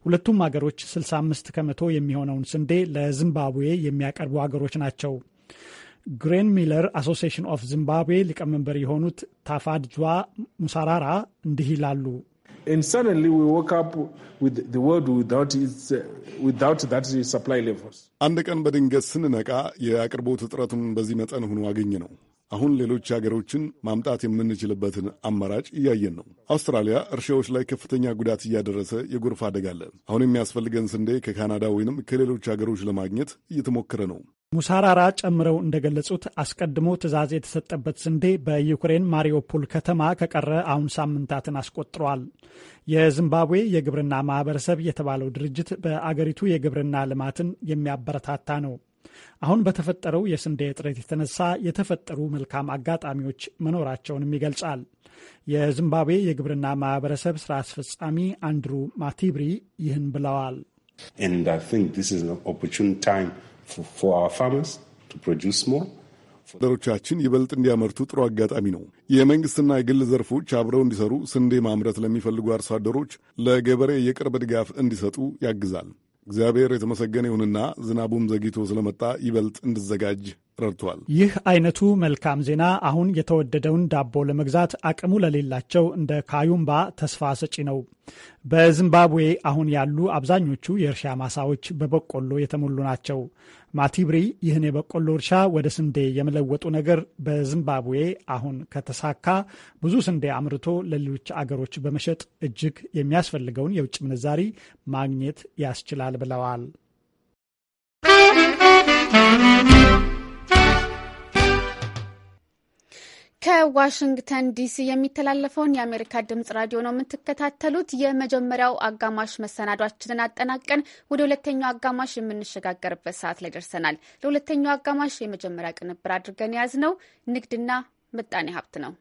ሁለቱም ሀገሮች 65 ከመቶ የሚሆነውን ስንዴ ለዚምባብዌ የሚያቀርቡ ሀገሮች ናቸው። ግሬን ሚለር አሶሲሽን ኦፍ ዚምባብዌ ሊቀመንበር የሆኑት ታፋድጇ ሙሳራራ እንዲህ ይላሉ። አንድ ቀን በድንገት ስንነቃ የአቅርቦት እጥረቱን በዚህ መጠን ሆኖ አገኘ ነው። አሁን ሌሎች ሀገሮችን ማምጣት የምንችልበትን አማራጭ እያየን ነው። አውስትራሊያ እርሻዎች ላይ ከፍተኛ ጉዳት እያደረሰ የጎርፍ አደጋ አለ። አሁን የሚያስፈልገን ስንዴ ከካናዳ ወይንም ከሌሎች ሀገሮች ለማግኘት እየተሞከረ ነው። ሙሳራራ ጨምረው እንደገለጹት አስቀድሞ ትዕዛዝ የተሰጠበት ስንዴ በዩክሬን ማሪዮፖል ከተማ ከቀረ አሁን ሳምንታትን አስቆጥሯል። የዚምባብዌ የግብርና ማህበረሰብ የተባለው ድርጅት በአገሪቱ የግብርና ልማትን የሚያበረታታ ነው። አሁን በተፈጠረው የስንዴ እጥረት የተነሳ የተፈጠሩ መልካም አጋጣሚዎች መኖራቸውንም ይገልጻል። የዚምባብዌ የግብርና ማህበረሰብ ስራ አስፈጻሚ አንድሩ ማቲብሪ ይህን ብለዋል። አርሶአደሮቻችን ይበልጥ እንዲያመርቱ ጥሩ አጋጣሚ ነው። የመንግሥትና የግል ዘርፎች አብረው እንዲሰሩ ስንዴ ማምረት ለሚፈልጉ አርሶአደሮች ለገበሬ የቅርብ ድጋፍ እንዲሰጡ ያግዛል። እግዚአብሔር የተመሰገነ ይሁንና ዝናቡም ዘግይቶ ስለመጣ ይበልጥ እንድዘጋጅ ረድቷል። ይህ አይነቱ መልካም ዜና አሁን የተወደደውን ዳቦ ለመግዛት አቅሙ ለሌላቸው እንደ ካዩምባ ተስፋ ሰጪ ነው። በዚምባብዌ አሁን ያሉ አብዛኞቹ የእርሻ ማሳዎች በበቆሎ የተሞሉ ናቸው። ማቲብሪ ይህን የበቆሎ እርሻ ወደ ስንዴ የመለወጡ ነገር በዚምባብዌ አሁን ከተሳካ ብዙ ስንዴ አምርቶ ለሌሎች አገሮች በመሸጥ እጅግ የሚያስፈልገውን የውጭ ምንዛሪ ማግኘት ያስችላል ብለዋል። ከዋሽንግተን ዲሲ የሚተላለፈውን የአሜሪካ ድምጽ ራዲዮ ነው የምትከታተሉት። የመጀመሪያው አጋማሽ መሰናዷችንን አጠናቀን ወደ ሁለተኛው አጋማሽ የምንሸጋገርበት ሰዓት ላይ ደርሰናል። ለሁለተኛው አጋማሽ የመጀመሪያ ቅንብር አድርገን የያዝነው ንግድና ምጣኔ ሀብት ነው።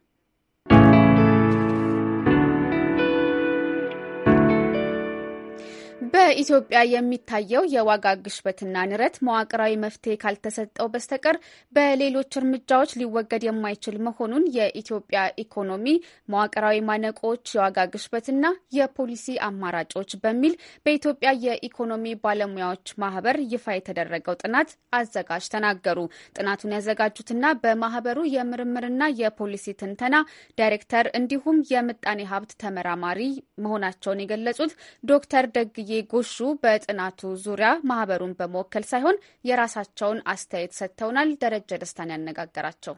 በኢትዮጵያ የሚታየው የዋጋ ግሽበትና ንረት መዋቅራዊ መፍትሄ ካልተሰጠው በስተቀር በሌሎች እርምጃዎች ሊወገድ የማይችል መሆኑን የኢትዮጵያ ኢኮኖሚ መዋቅራዊ ማነቆዎች፣ የዋጋ ግሽበትና የፖሊሲ አማራጮች በሚል በኢትዮጵያ የኢኮኖሚ ባለሙያዎች ማህበር ይፋ የተደረገው ጥናት አዘጋጅ ተናገሩ። ጥናቱን ያዘጋጁትና በማህበሩ የምርምርና የፖሊሲ ትንተና ዳይሬክተር እንዲሁም የምጣኔ ሀብት ተመራማሪ መሆናቸውን የገለጹት ዶክተር ደግዬ ጉሹ በጥናቱ ዙሪያ ማህበሩን በመወከል ሳይሆን የራሳቸውን አስተያየት ሰጥተውናል። ደረጀ ደስታን ያነጋገራቸው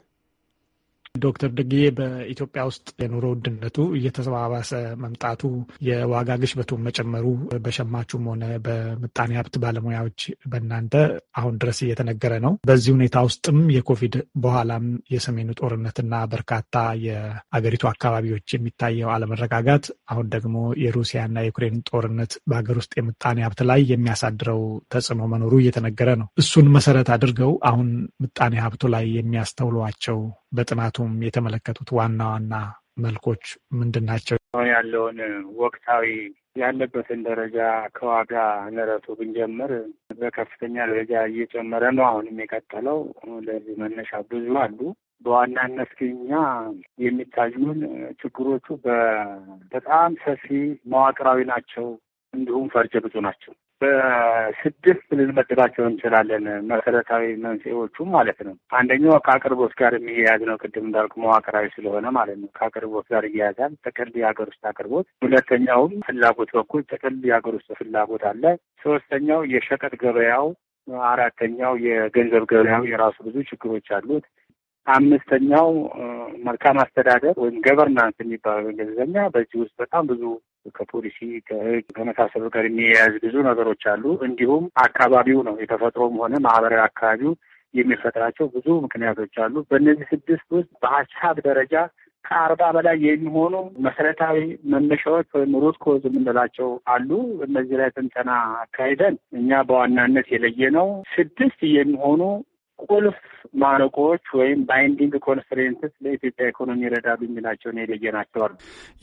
ዶክተር ደግዬ በኢትዮጵያ ውስጥ የኑሮ ውድነቱ እየተባባሰ መምጣቱ፣ የዋጋ ግሽበቱ መጨመሩ በሸማቹም ሆነ በምጣኔ ሀብት ባለሙያዎች በእናንተ አሁን ድረስ እየተነገረ ነው። በዚህ ሁኔታ ውስጥም የኮቪድ በኋላም የሰሜኑ ጦርነትና በርካታ የአገሪቱ አካባቢዎች የሚታየው አለመረጋጋት፣ አሁን ደግሞ የሩሲያና የዩክሬን ጦርነት በሀገር ውስጥ የምጣኔ ሀብት ላይ የሚያሳድረው ተጽዕኖ መኖሩ እየተነገረ ነው። እሱን መሰረት አድርገው አሁን ምጣኔ ሀብቱ ላይ የሚያስተውሏቸው በጥናቱም የተመለከቱት ዋና ዋና መልኮች ምንድን ናቸው? አሁን ያለውን ወቅታዊ ያለበትን ደረጃ ከዋጋ ንረቱ ብንጀምር በከፍተኛ ደረጃ እየጨመረ ነው። አሁንም የቀጠለው ለዚህ መነሻ ብዙ አሉ። በዋናነት ግኛ የሚታዩን ችግሮቹ በጣም ሰፊ መዋቅራዊ ናቸው እንዲሁም ፈርጀ ብዙ ናቸው። በስድስት ልንመድባቸው እንችላለን። መሰረታዊ መንስኤዎቹ ማለት ነው። አንደኛው ከአቅርቦት ጋር የሚያያዝ ነው። ቅድም እንዳልኩ መዋቅራዊ ስለሆነ ማለት ነው። ከአቅርቦት ጋር እያያዛል። ጥቅል የሀገር ውስጥ አቅርቦት። ሁለተኛውም ፍላጎት በኩል ጥቅል የሀገር ውስጥ ፍላጎት አለ። ሶስተኛው የሸቀጥ ገበያው አራተኛው የገንዘብ ገበያው የራሱ ብዙ ችግሮች አሉት። አምስተኛው መልካም አስተዳደር ወይም ገቨርናንስ የሚባለው እንግሊዝኛ። በዚህ ውስጥ በጣም ብዙ ከፖሊሲ ከህግ ከመሳሰሉ ጋር የሚያያዝ ብዙ ነገሮች አሉ። እንዲሁም አካባቢው ነው የተፈጥሮም ሆነ ማህበራዊ አካባቢው የሚፈጥራቸው ብዙ ምክንያቶች አሉ። በእነዚህ ስድስት ውስጥ በሀሳብ ደረጃ ከአርባ በላይ የሚሆኑ መሰረታዊ መነሻዎች ወይም ሩት ኮዝ የምንላቸው አሉ። እነዚህ ላይ ትንተና አካሂደን እኛ በዋናነት የለየ ነው ስድስት የሚሆኑ ቁልፍ ማነቆዎች ወይም ባይንዲንግ ኮንስትሬንትስ ለኢትዮጵያ ኢኮኖሚ ይረዳሉ የሚላቸውን ናቸዋል።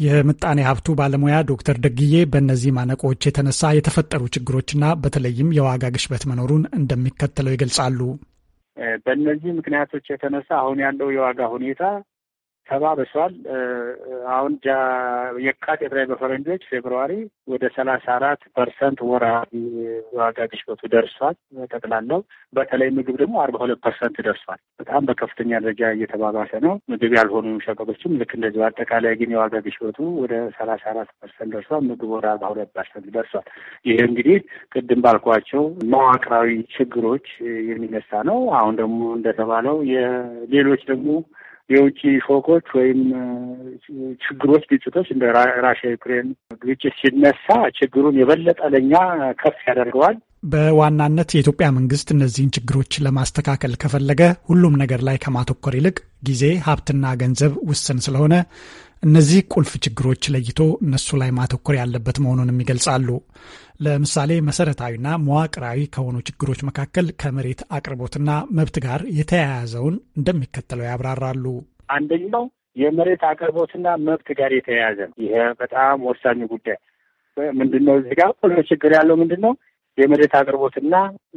የምጣኔ ሀብቱ ባለሙያ ዶክተር ደግዬ በእነዚህ ማነቆዎች የተነሳ የተፈጠሩ ችግሮችና በተለይም የዋጋ ግሽበት መኖሩን እንደሚከተለው ይገልጻሉ። በእነዚህ ምክንያቶች የተነሳ አሁን ያለው የዋጋ ሁኔታ ተባብሷል። አሁን የካቲት ላይ በፈረንጆች ፌብርዋሪ ወደ ሰላሳ አራት ፐርሰንት ወራዊ ዋጋ ግሽበቱ ደርሷል። ጠቅላላው በተለይ ምግብ ደግሞ አርባ ሁለት ፐርሰንት ደርሷል። በጣም በከፍተኛ ደረጃ እየተባባሰ ነው። ምግብ ያልሆኑ ሸቀጦችም ልክ እንደዚህ። በአጠቃላይ ግን የዋጋ ግሽበቱ ወደ ሰላሳ አራት ፐርሰንት ደርሷል። ምግብ ወደ አርባ ሁለት ፐርሰንት ደርሷል። ይህ እንግዲህ ቅድም ባልኳቸው መዋቅራዊ ችግሮች የሚነሳ ነው። አሁን ደግሞ እንደተባለው የሌሎች ደግሞ የውጭ ሾኮች ወይም ችግሮች፣ ግጭቶች እንደ ራሽያ ዩክሬን ግጭት ሲነሳ ችግሩን የበለጠ ለኛ ከፍ ያደርገዋል። በዋናነት የኢትዮጵያ መንግስት እነዚህን ችግሮች ለማስተካከል ከፈለገ ሁሉም ነገር ላይ ከማተኮር ይልቅ ጊዜ፣ ሀብትና ገንዘብ ውስን ስለሆነ እነዚህ ቁልፍ ችግሮች ለይቶ እነሱ ላይ ማተኮር ያለበት መሆኑንም ይገልጻሉ። ለምሳሌ መሰረታዊና መዋቅራዊ ከሆኑ ችግሮች መካከል ከመሬት አቅርቦትና መብት ጋር የተያያዘውን እንደሚከተለው ያብራራሉ። አንደኛው የመሬት አቅርቦትና መብት ጋር የተያያዘ ነው። ይሄ በጣም ወሳኝ ጉዳይ ምንድነው? እዚህ ጋር ቁልፍ ችግር ያለው ምንድነው? የመሬት አቅርቦትና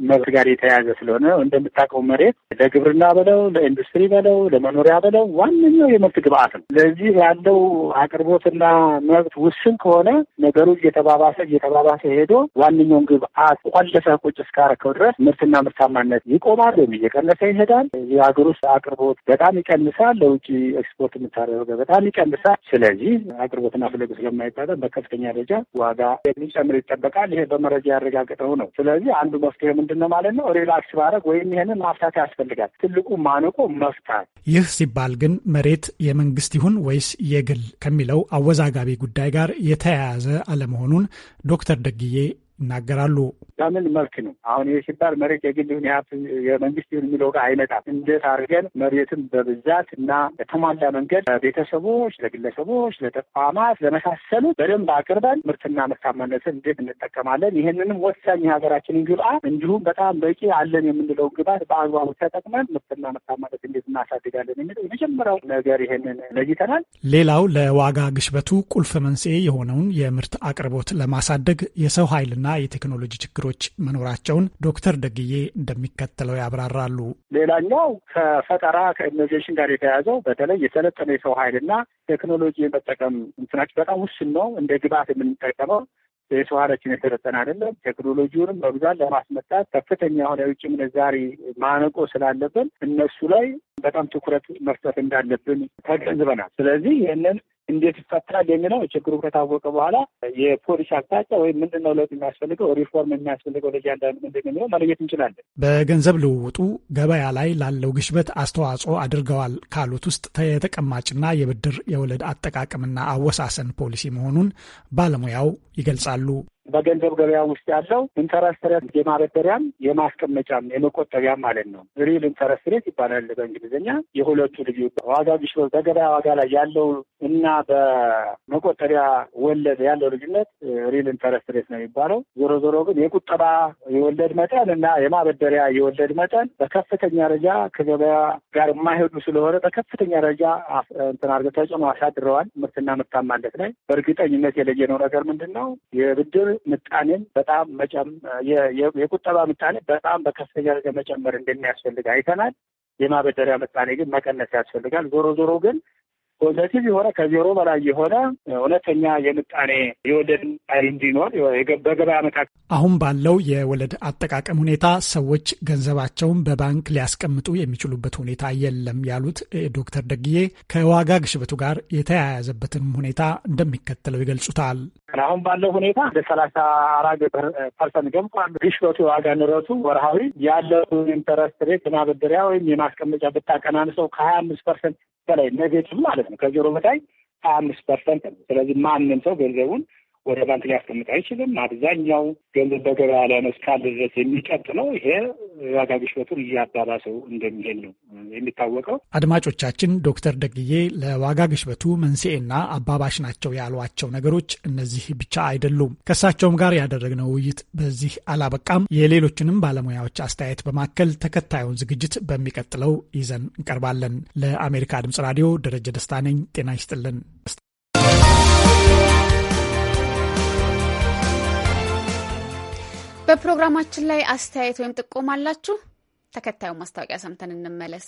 መብት ጋር የተያያዘ ስለሆነ እንደምታውቀው መሬት ለግብርና በለው ለኢንዱስትሪ በለው ለመኖሪያ በለው ዋነኛው የመብት ግብአት ነው። ለዚህ ያለው አቅርቦትና መብት ውስን ከሆነ ነገሩ እየተባባሰ እየተባባሰ ሄዶ ዋነኛውን ግብአት ቆለፈ ቁጭ እስካረከው ድረስ ምርትና ምርታማነት ይቆማል ወይም እየቀነሰ ይሄዳል። የሀገር ውስጥ አቅርቦት በጣም ይቀንሳል። ለውጭ ኤክስፖርት የምታደርገው በጣም ይቀንሳል። ስለዚህ አቅርቦትና ፍለግ ስለማይባለ በከፍተኛ ደረጃ ዋጋ የሚጨምር ይጠበቃል። ይሄ በመረጃ ያረጋገጠ ሰው ነው። ስለዚህ አንዱ መፍትሄ ምንድን ነው ማለት ነው ሪላክስ ማድረግ ወይም ይህንን ማፍታት ያስፈልጋል። ትልቁ ማነቆ መፍታት። ይህ ሲባል ግን መሬት የመንግስት ይሁን ወይስ የግል ከሚለው አወዛጋቢ ጉዳይ ጋር የተያያዘ አለመሆኑን ዶክተር ደግዬ ይናገራሉ። በምን መልክ ነው አሁን ይህ ሲባል መሬት የግል ይሁን የሀብት የመንግስት ይሁን የሚለው ጋር አይመጣም። እንዴት አድርገን መሬትን በብዛት እና በተሟላ መንገድ ለቤተሰቦች፣ ለግለሰቦች፣ ለተቋማት ለመሳሰሉ በደንብ አቅርበን ምርትና ምርታማነትን እንዴት እንጠቀማለን፣ ይህንንም ወሳኝ የሀገራችንን ግብአት እንዲሁም በጣም በቂ አለን የምንለው ግብአት በአግባቡ ተጠቅመን ምርትና ምርታማነት እንዴት እናሳድጋለን የሚለው የመጀመሪያው ነገር ይህንን ለይተናል። ሌላው ለዋጋ ግሽበቱ ቁልፍ መንስኤ የሆነውን የምርት አቅርቦት ለማሳደግ የሰው ኃይልን የመብትና የቴክኖሎጂ ችግሮች መኖራቸውን ዶክተር ደግዬ እንደሚከተለው ያብራራሉ። ሌላኛው ከፈጠራ ከኢኖቬሽን ጋር የተያያዘው በተለይ የሰለጠነ የሰው ኃይልና ቴክኖሎጂ የመጠቀም እንትናችን በጣም ውስን ነው። እንደ ግብዓት የምንጠቀመው የሰው ኃይላችን የተረጠን አይደለም። ቴክኖሎጂውንም በብዛት ለማስመጣት ከፍተኛ የሆነ የውጭ ምንዛሪ ማነቆ ስላለብን እነሱ ላይ በጣም ትኩረት መስጠት እንዳለብን ተገንዝበናል። ስለዚህ ይህንን እንዴት ይፈታል የሚለው ችግሩ ከታወቀ በኋላ የፖሊሲ አቅጣጫ ወይም ምንድነው ለውጥ የሚያስፈልገው ሪፎርም የሚያስፈልገው ለእያንዳንዱ ምንድን የሚለው መለየት እንችላለን። በገንዘብ ልውውጡ ገበያ ላይ ላለው ግሽበት አስተዋጽኦ አድርገዋል ካሉት ውስጥ የተቀማጭና የብድር የወለድ አጠቃቀምና አወሳሰን ፖሊሲ መሆኑን ባለሙያው ይገልጻሉ። በገንዘብ ገበያ ውስጥ ያለው ኢንተረስት ሬት የማበደሪያም የማስቀመጫም የመቆጠቢያም ማለት ነው። ሪል ኢንተረስት ሬት ይባላል በእንግሊዝኛ። የሁለቱ ልዩ ዋጋ ግሽበት በገበያ ዋጋ ላይ ያለው እና በመቆጠቢያ ወለድ ያለው ልዩነት ሪል ኢንተረስት ሬት ነው የሚባለው። ዞሮ ዞሮ ግን የቁጠባ የወለድ መጠን እና የማበደሪያ የወለድ መጠን በከፍተኛ ደረጃ ከገበያ ጋር የማይሄዱ ስለሆነ በከፍተኛ ደረጃ እንትን አድርገው ተጽዕኖ አሳድረዋል ምርትና ምርታማነት ላይ። በእርግጠኝነት የለየነው ነገር ምንድን ነው የብድር ምጣኔን በጣም መጨም የቁጠባ ምጣኔ በጣም በከፍተኛ ደረጃ መጨመር እንደሚያስፈልግ አይተናል። የማበደሪያ ምጣኔ ግን መቀነስ ያስፈልጋል። ዞሮ ዞሮ ግን ፖዘቲቭ የሆነ ከዜሮ በላይ የሆነ እውነተኛ የምጣኔ የወለድ ምጣኔ እንዲኖር በገበያ መካከል አሁን ባለው የወለድ አጠቃቀም ሁኔታ ሰዎች ገንዘባቸውን በባንክ ሊያስቀምጡ የሚችሉበት ሁኔታ የለም ያሉት ዶክተር ደግዬ ከዋጋ ግሽበቱ ጋር የተያያዘበትንም ሁኔታ እንደሚከተለው ይገልጹታል። አሁን ባለው ሁኔታ ወደ ሰላሳ አራት ፐርሰንት ገምቋል ግሽበቱ የዋጋ ንረቱ ወርሃዊ ያለው ኢንተረስት ሬት የማበደሪያ ወይም የማስቀመጫ ብታቀናንሰው ከሀያ አምስት ፐርሰንት በላይ ነጌቲቭ ማለት ነው ከዜሮ በታይ ሀያ አምስት ፐርሰንት ነው። ስለዚህ ማንም ሰው ገንዘቡን ወደ ባንክ ሊያስቀምጥ አይችልም። አብዛኛው ገንዘብ በገበያ ላይ እስካለ ድረስ የሚቀጥለው ይሄ ዋጋ ግሽበቱን እያባባሰው እንደሚሄድ ነው የሚታወቀው። አድማጮቻችን፣ ዶክተር ደግዬ ለዋጋ ግሽበቱ መንስኤና አባባሽ ናቸው ያሏቸው ነገሮች እነዚህ ብቻ አይደሉም። ከእሳቸውም ጋር ያደረግነው ውይይት በዚህ አላበቃም። የሌሎችንም ባለሙያዎች አስተያየት በማከል ተከታዩን ዝግጅት በሚቀጥለው ይዘን እንቀርባለን። ለአሜሪካ ድምጽ ራዲዮ ደረጀ ደስታ ነኝ። ጤና ይስጥልን። በፕሮግራማችን ላይ አስተያየት ወይም ጥቆማ አላችሁ? ተከታዩን ማስታወቂያ ሰምተን እንመለስ።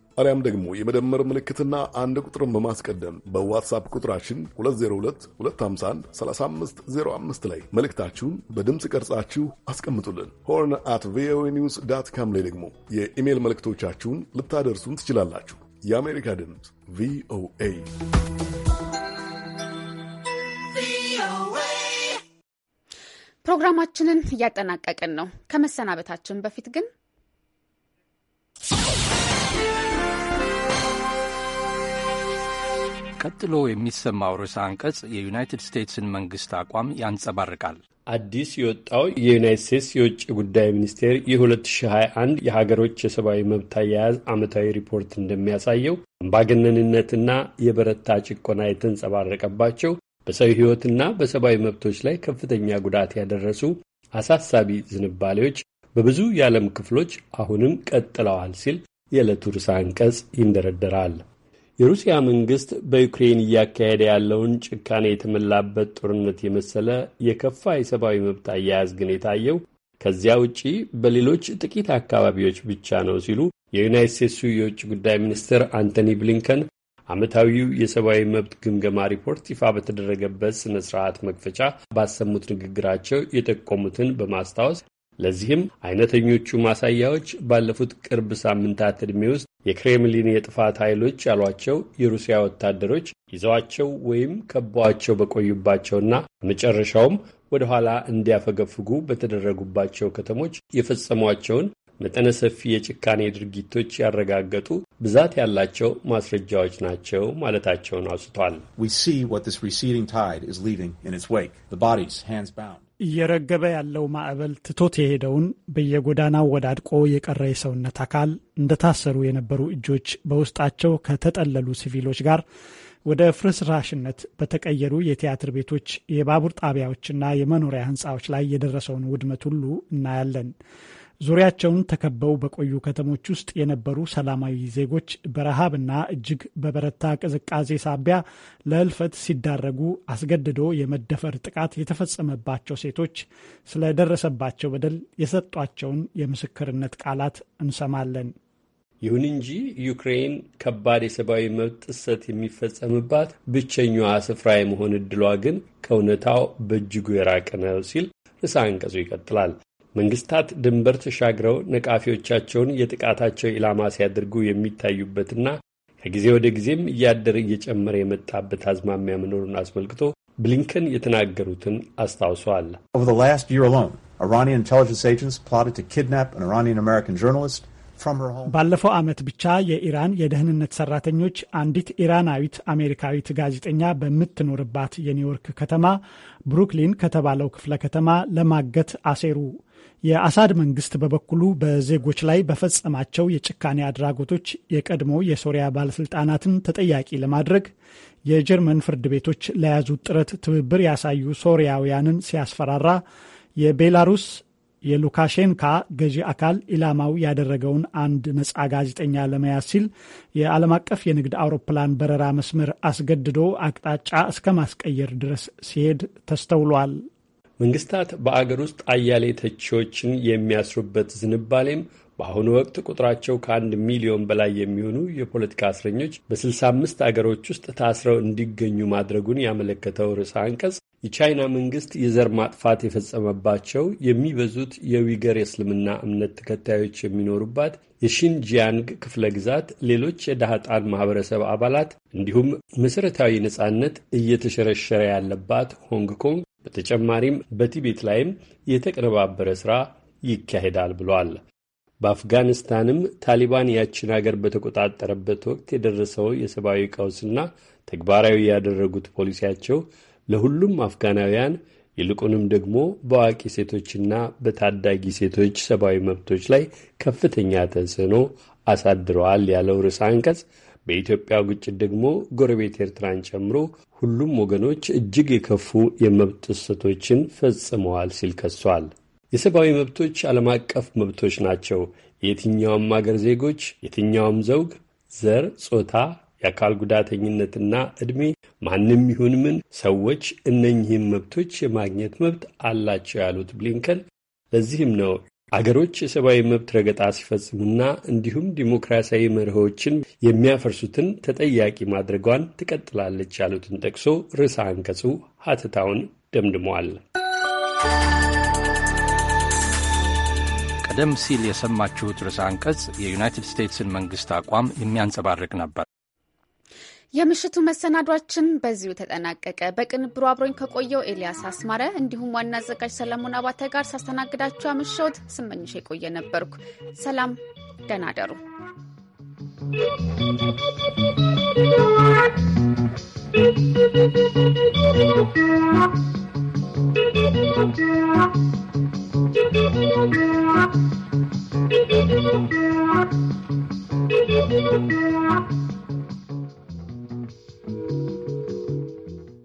አሊያም ደግሞ የመደመር ምልክትና አንድ ቁጥርን በማስቀደም በዋትሳፕ ቁጥራችን 2022513505 ላይ መልእክታችሁን በድምፅ ቀርጻችሁ አስቀምጡልን። ሆርን አት ቪኦኤ ኒውስ ዳት ካም ላይ ደግሞ የኢሜይል መልእክቶቻችሁን ልታደርሱን ትችላላችሁ። የአሜሪካ ድምፅ ቪኦኤ ፕሮግራማችንን እያጠናቀቅን ነው። ከመሰናበታችን በፊት ግን ቀጥሎ የሚሰማው ርዕሰ አንቀጽ የዩናይትድ ስቴትስን መንግሥት አቋም ያንጸባርቃል። አዲስ የወጣው የዩናይት ስቴትስ የውጭ ጉዳይ ሚኒስቴር የ2021 የሀገሮች የሰብአዊ መብት አያያዝ ዓመታዊ ሪፖርት እንደሚያሳየው አምባገነንነትና የበረታ ጭቆና የተንጸባረቀባቸው በሰው ሕይወትና በሰብአዊ መብቶች ላይ ከፍተኛ ጉዳት ያደረሱ አሳሳቢ ዝንባሌዎች በብዙ የዓለም ክፍሎች አሁንም ቀጥለዋል ሲል የዕለቱ ርዕሰ አንቀጽ ይንደረደራል። የሩሲያ መንግስት በዩክሬን እያካሄደ ያለውን ጭካኔ የተመላበት ጦርነት የመሰለ የከፋ የሰብአዊ መብት አያያዝ ግን የታየው ከዚያ ውጪ በሌሎች ጥቂት አካባቢዎች ብቻ ነው ሲሉ የዩናይት ስቴትሱ የውጭ ጉዳይ ሚኒስትር አንቶኒ ብሊንከን ዓመታዊው የሰብአዊ መብት ግምገማ ሪፖርት ይፋ በተደረገበት ስነ ስርዓት መክፈቻ ባሰሙት ንግግራቸው የጠቆሙትን በማስታወስ ለዚህም አይነተኞቹ ማሳያዎች ባለፉት ቅርብ ሳምንታት ዕድሜ ውስጥ የክሬምሊን የጥፋት ኃይሎች ያሏቸው የሩሲያ ወታደሮች ይዘዋቸው ወይም ከበዋቸው በቆዩባቸውና መጨረሻውም ወደ ኋላ እንዲያፈገፍጉ በተደረጉባቸው ከተሞች የፈጸሟቸውን መጠነ ሰፊ የጭካኔ ድርጊቶች ያረጋገጡ ብዛት ያላቸው ማስረጃዎች ናቸው ማለታቸውን አውስቷል። እየረገበ ያለው ማዕበል ትቶት የሄደውን በየጎዳናው ወዳድቆ የቀረ የሰውነት አካል፣ እንደታሰሩ የነበሩ እጆች በውስጣቸው ከተጠለሉ ሲቪሎች ጋር ወደ ፍርስራሽነት በተቀየሩ የቲያትር ቤቶች፣ የባቡር ጣቢያዎችና የመኖሪያ ህንፃዎች ላይ የደረሰውን ውድመት ሁሉ እናያለን። ዙሪያቸውን ተከበው በቆዩ ከተሞች ውስጥ የነበሩ ሰላማዊ ዜጎች በረሃብና እጅግ በበረታ ቅዝቃዜ ሳቢያ ለህልፈት ሲዳረጉ አስገድዶ የመደፈር ጥቃት የተፈጸመባቸው ሴቶች ስለደረሰባቸው በደል የሰጧቸውን የምስክርነት ቃላት እንሰማለን። ይሁን እንጂ ዩክሬን ከባድ የሰብአዊ መብት ጥሰት የሚፈጸምባት ብቸኛዋ ስፍራ የመሆን እድሏ ግን ከእውነታው በእጅጉ የራቀ ነው ሲል ርዕሰ አንቀጹ ይቀጥላል። መንግስታት ድንበር ተሻግረው ነቃፊዎቻቸውን የጥቃታቸው ኢላማ ሲያደርጉ የሚታዩበትና ከጊዜ ወደ ጊዜም እያደረ እየጨመረ የመጣበት አዝማሚያ መኖሩን አስመልክቶ ብሊንከን የተናገሩትን አስታውሰዋል። ባለፈው ዓመት ብቻ የኢራን የደህንነት ሰራተኞች አንዲት ኢራናዊት አሜሪካዊት ጋዜጠኛ በምትኖርባት የኒውዮርክ ከተማ ብሩክሊን ከተባለው ክፍለ ከተማ ለማገት አሴሩ። የአሳድ መንግስት በበኩሉ በዜጎች ላይ በፈጸማቸው የጭካኔ አድራጎቶች የቀድሞ የሶሪያ ባለስልጣናትን ተጠያቂ ለማድረግ የጀርመን ፍርድ ቤቶች ለያዙት ጥረት ትብብር ያሳዩ ሶሪያውያንን ሲያስፈራራ የቤላሩስ የሉካሼንካ ገዢ አካል ኢላማው ያደረገውን አንድ ነፃ ጋዜጠኛ ለመያዝ ሲል የዓለም አቀፍ የንግድ አውሮፕላን በረራ መስመር አስገድዶ አቅጣጫ እስከ ማስቀየር ድረስ ሲሄድ ተስተውሏል። መንግስታት በአገር ውስጥ አያሌ ተቺዎችን የሚያስሩበት ዝንባሌም በአሁኑ ወቅት ቁጥራቸው ከአንድ ሚሊዮን በላይ የሚሆኑ የፖለቲካ እስረኞች በ65 አገሮች ውስጥ ታስረው እንዲገኙ ማድረጉን ያመለከተው ርዕሰ አንቀጽ የቻይና መንግስት የዘር ማጥፋት የፈጸመባቸው የሚበዙት የዊገር የእስልምና እምነት ተከታዮች የሚኖሩባት የሺንጂያንግ ክፍለ ግዛት ሌሎች የዳህጣን ማህበረሰብ አባላት እንዲሁም መሠረታዊ ነጻነት እየተሸረሸረ ያለባት ሆንግ ኮንግ በተጨማሪም በቲቤት ላይም የተቀነባበረ ሥራ ይካሄዳል ብሏል። በአፍጋኒስታንም ታሊባን ያችን አገር በተቆጣጠረበት ወቅት የደረሰው የሰብአዊ ቀውስና ተግባራዊ ያደረጉት ፖሊሲያቸው ለሁሉም አፍጋናውያን ይልቁንም ደግሞ በአዋቂ ሴቶችና በታዳጊ ሴቶች ሰብአዊ መብቶች ላይ ከፍተኛ ተጽዕኖ አሳድረዋል ያለው ርዕሰ አንቀጽ በኢትዮጵያው ግጭት ደግሞ ጎረቤት ኤርትራን ጨምሮ ሁሉም ወገኖች እጅግ የከፉ የመብት ጥሰቶችን ፈጽመዋል ሲል ከሷል። የሰብአዊ መብቶች ዓለም አቀፍ መብቶች ናቸው። የትኛውም አገር ዜጎች የትኛውም ዘውግ፣ ዘር፣ ጾታ፣ የአካል ጉዳተኝነትና ዕድሜ ማንም ይሁን ምን ሰዎች እነኚህም መብቶች የማግኘት መብት አላቸው ያሉት ብሊንከን ለዚህም ነው አገሮች የሰብአዊ መብት ረገጣ ሲፈጽሙና እንዲሁም ዲሞክራሲያዊ መርሆችን የሚያፈርሱትን ተጠያቂ ማድረጓን ትቀጥላለች ያሉትን ጠቅሶ ርዕሰ አንቀጹ ሀተታውን ደምድመዋል። ቀደም ሲል የሰማችሁት ርዕሰ አንቀጽ የዩናይትድ ስቴትስን መንግሥት አቋም የሚያንጸባርቅ ነበር። የምሽቱ መሰናዷችን በዚሁ ተጠናቀቀ። በቅንብሩ አብሮኝ ከቆየው ኤልያስ አስማረ እንዲሁም ዋና አዘጋጅ ሰለሞን አባተ ጋር ሳስተናግዳችሁ አምሾት ስመኝሽ የቆየ ነበርኩ። ሰላም፣ ደህና አደሩ።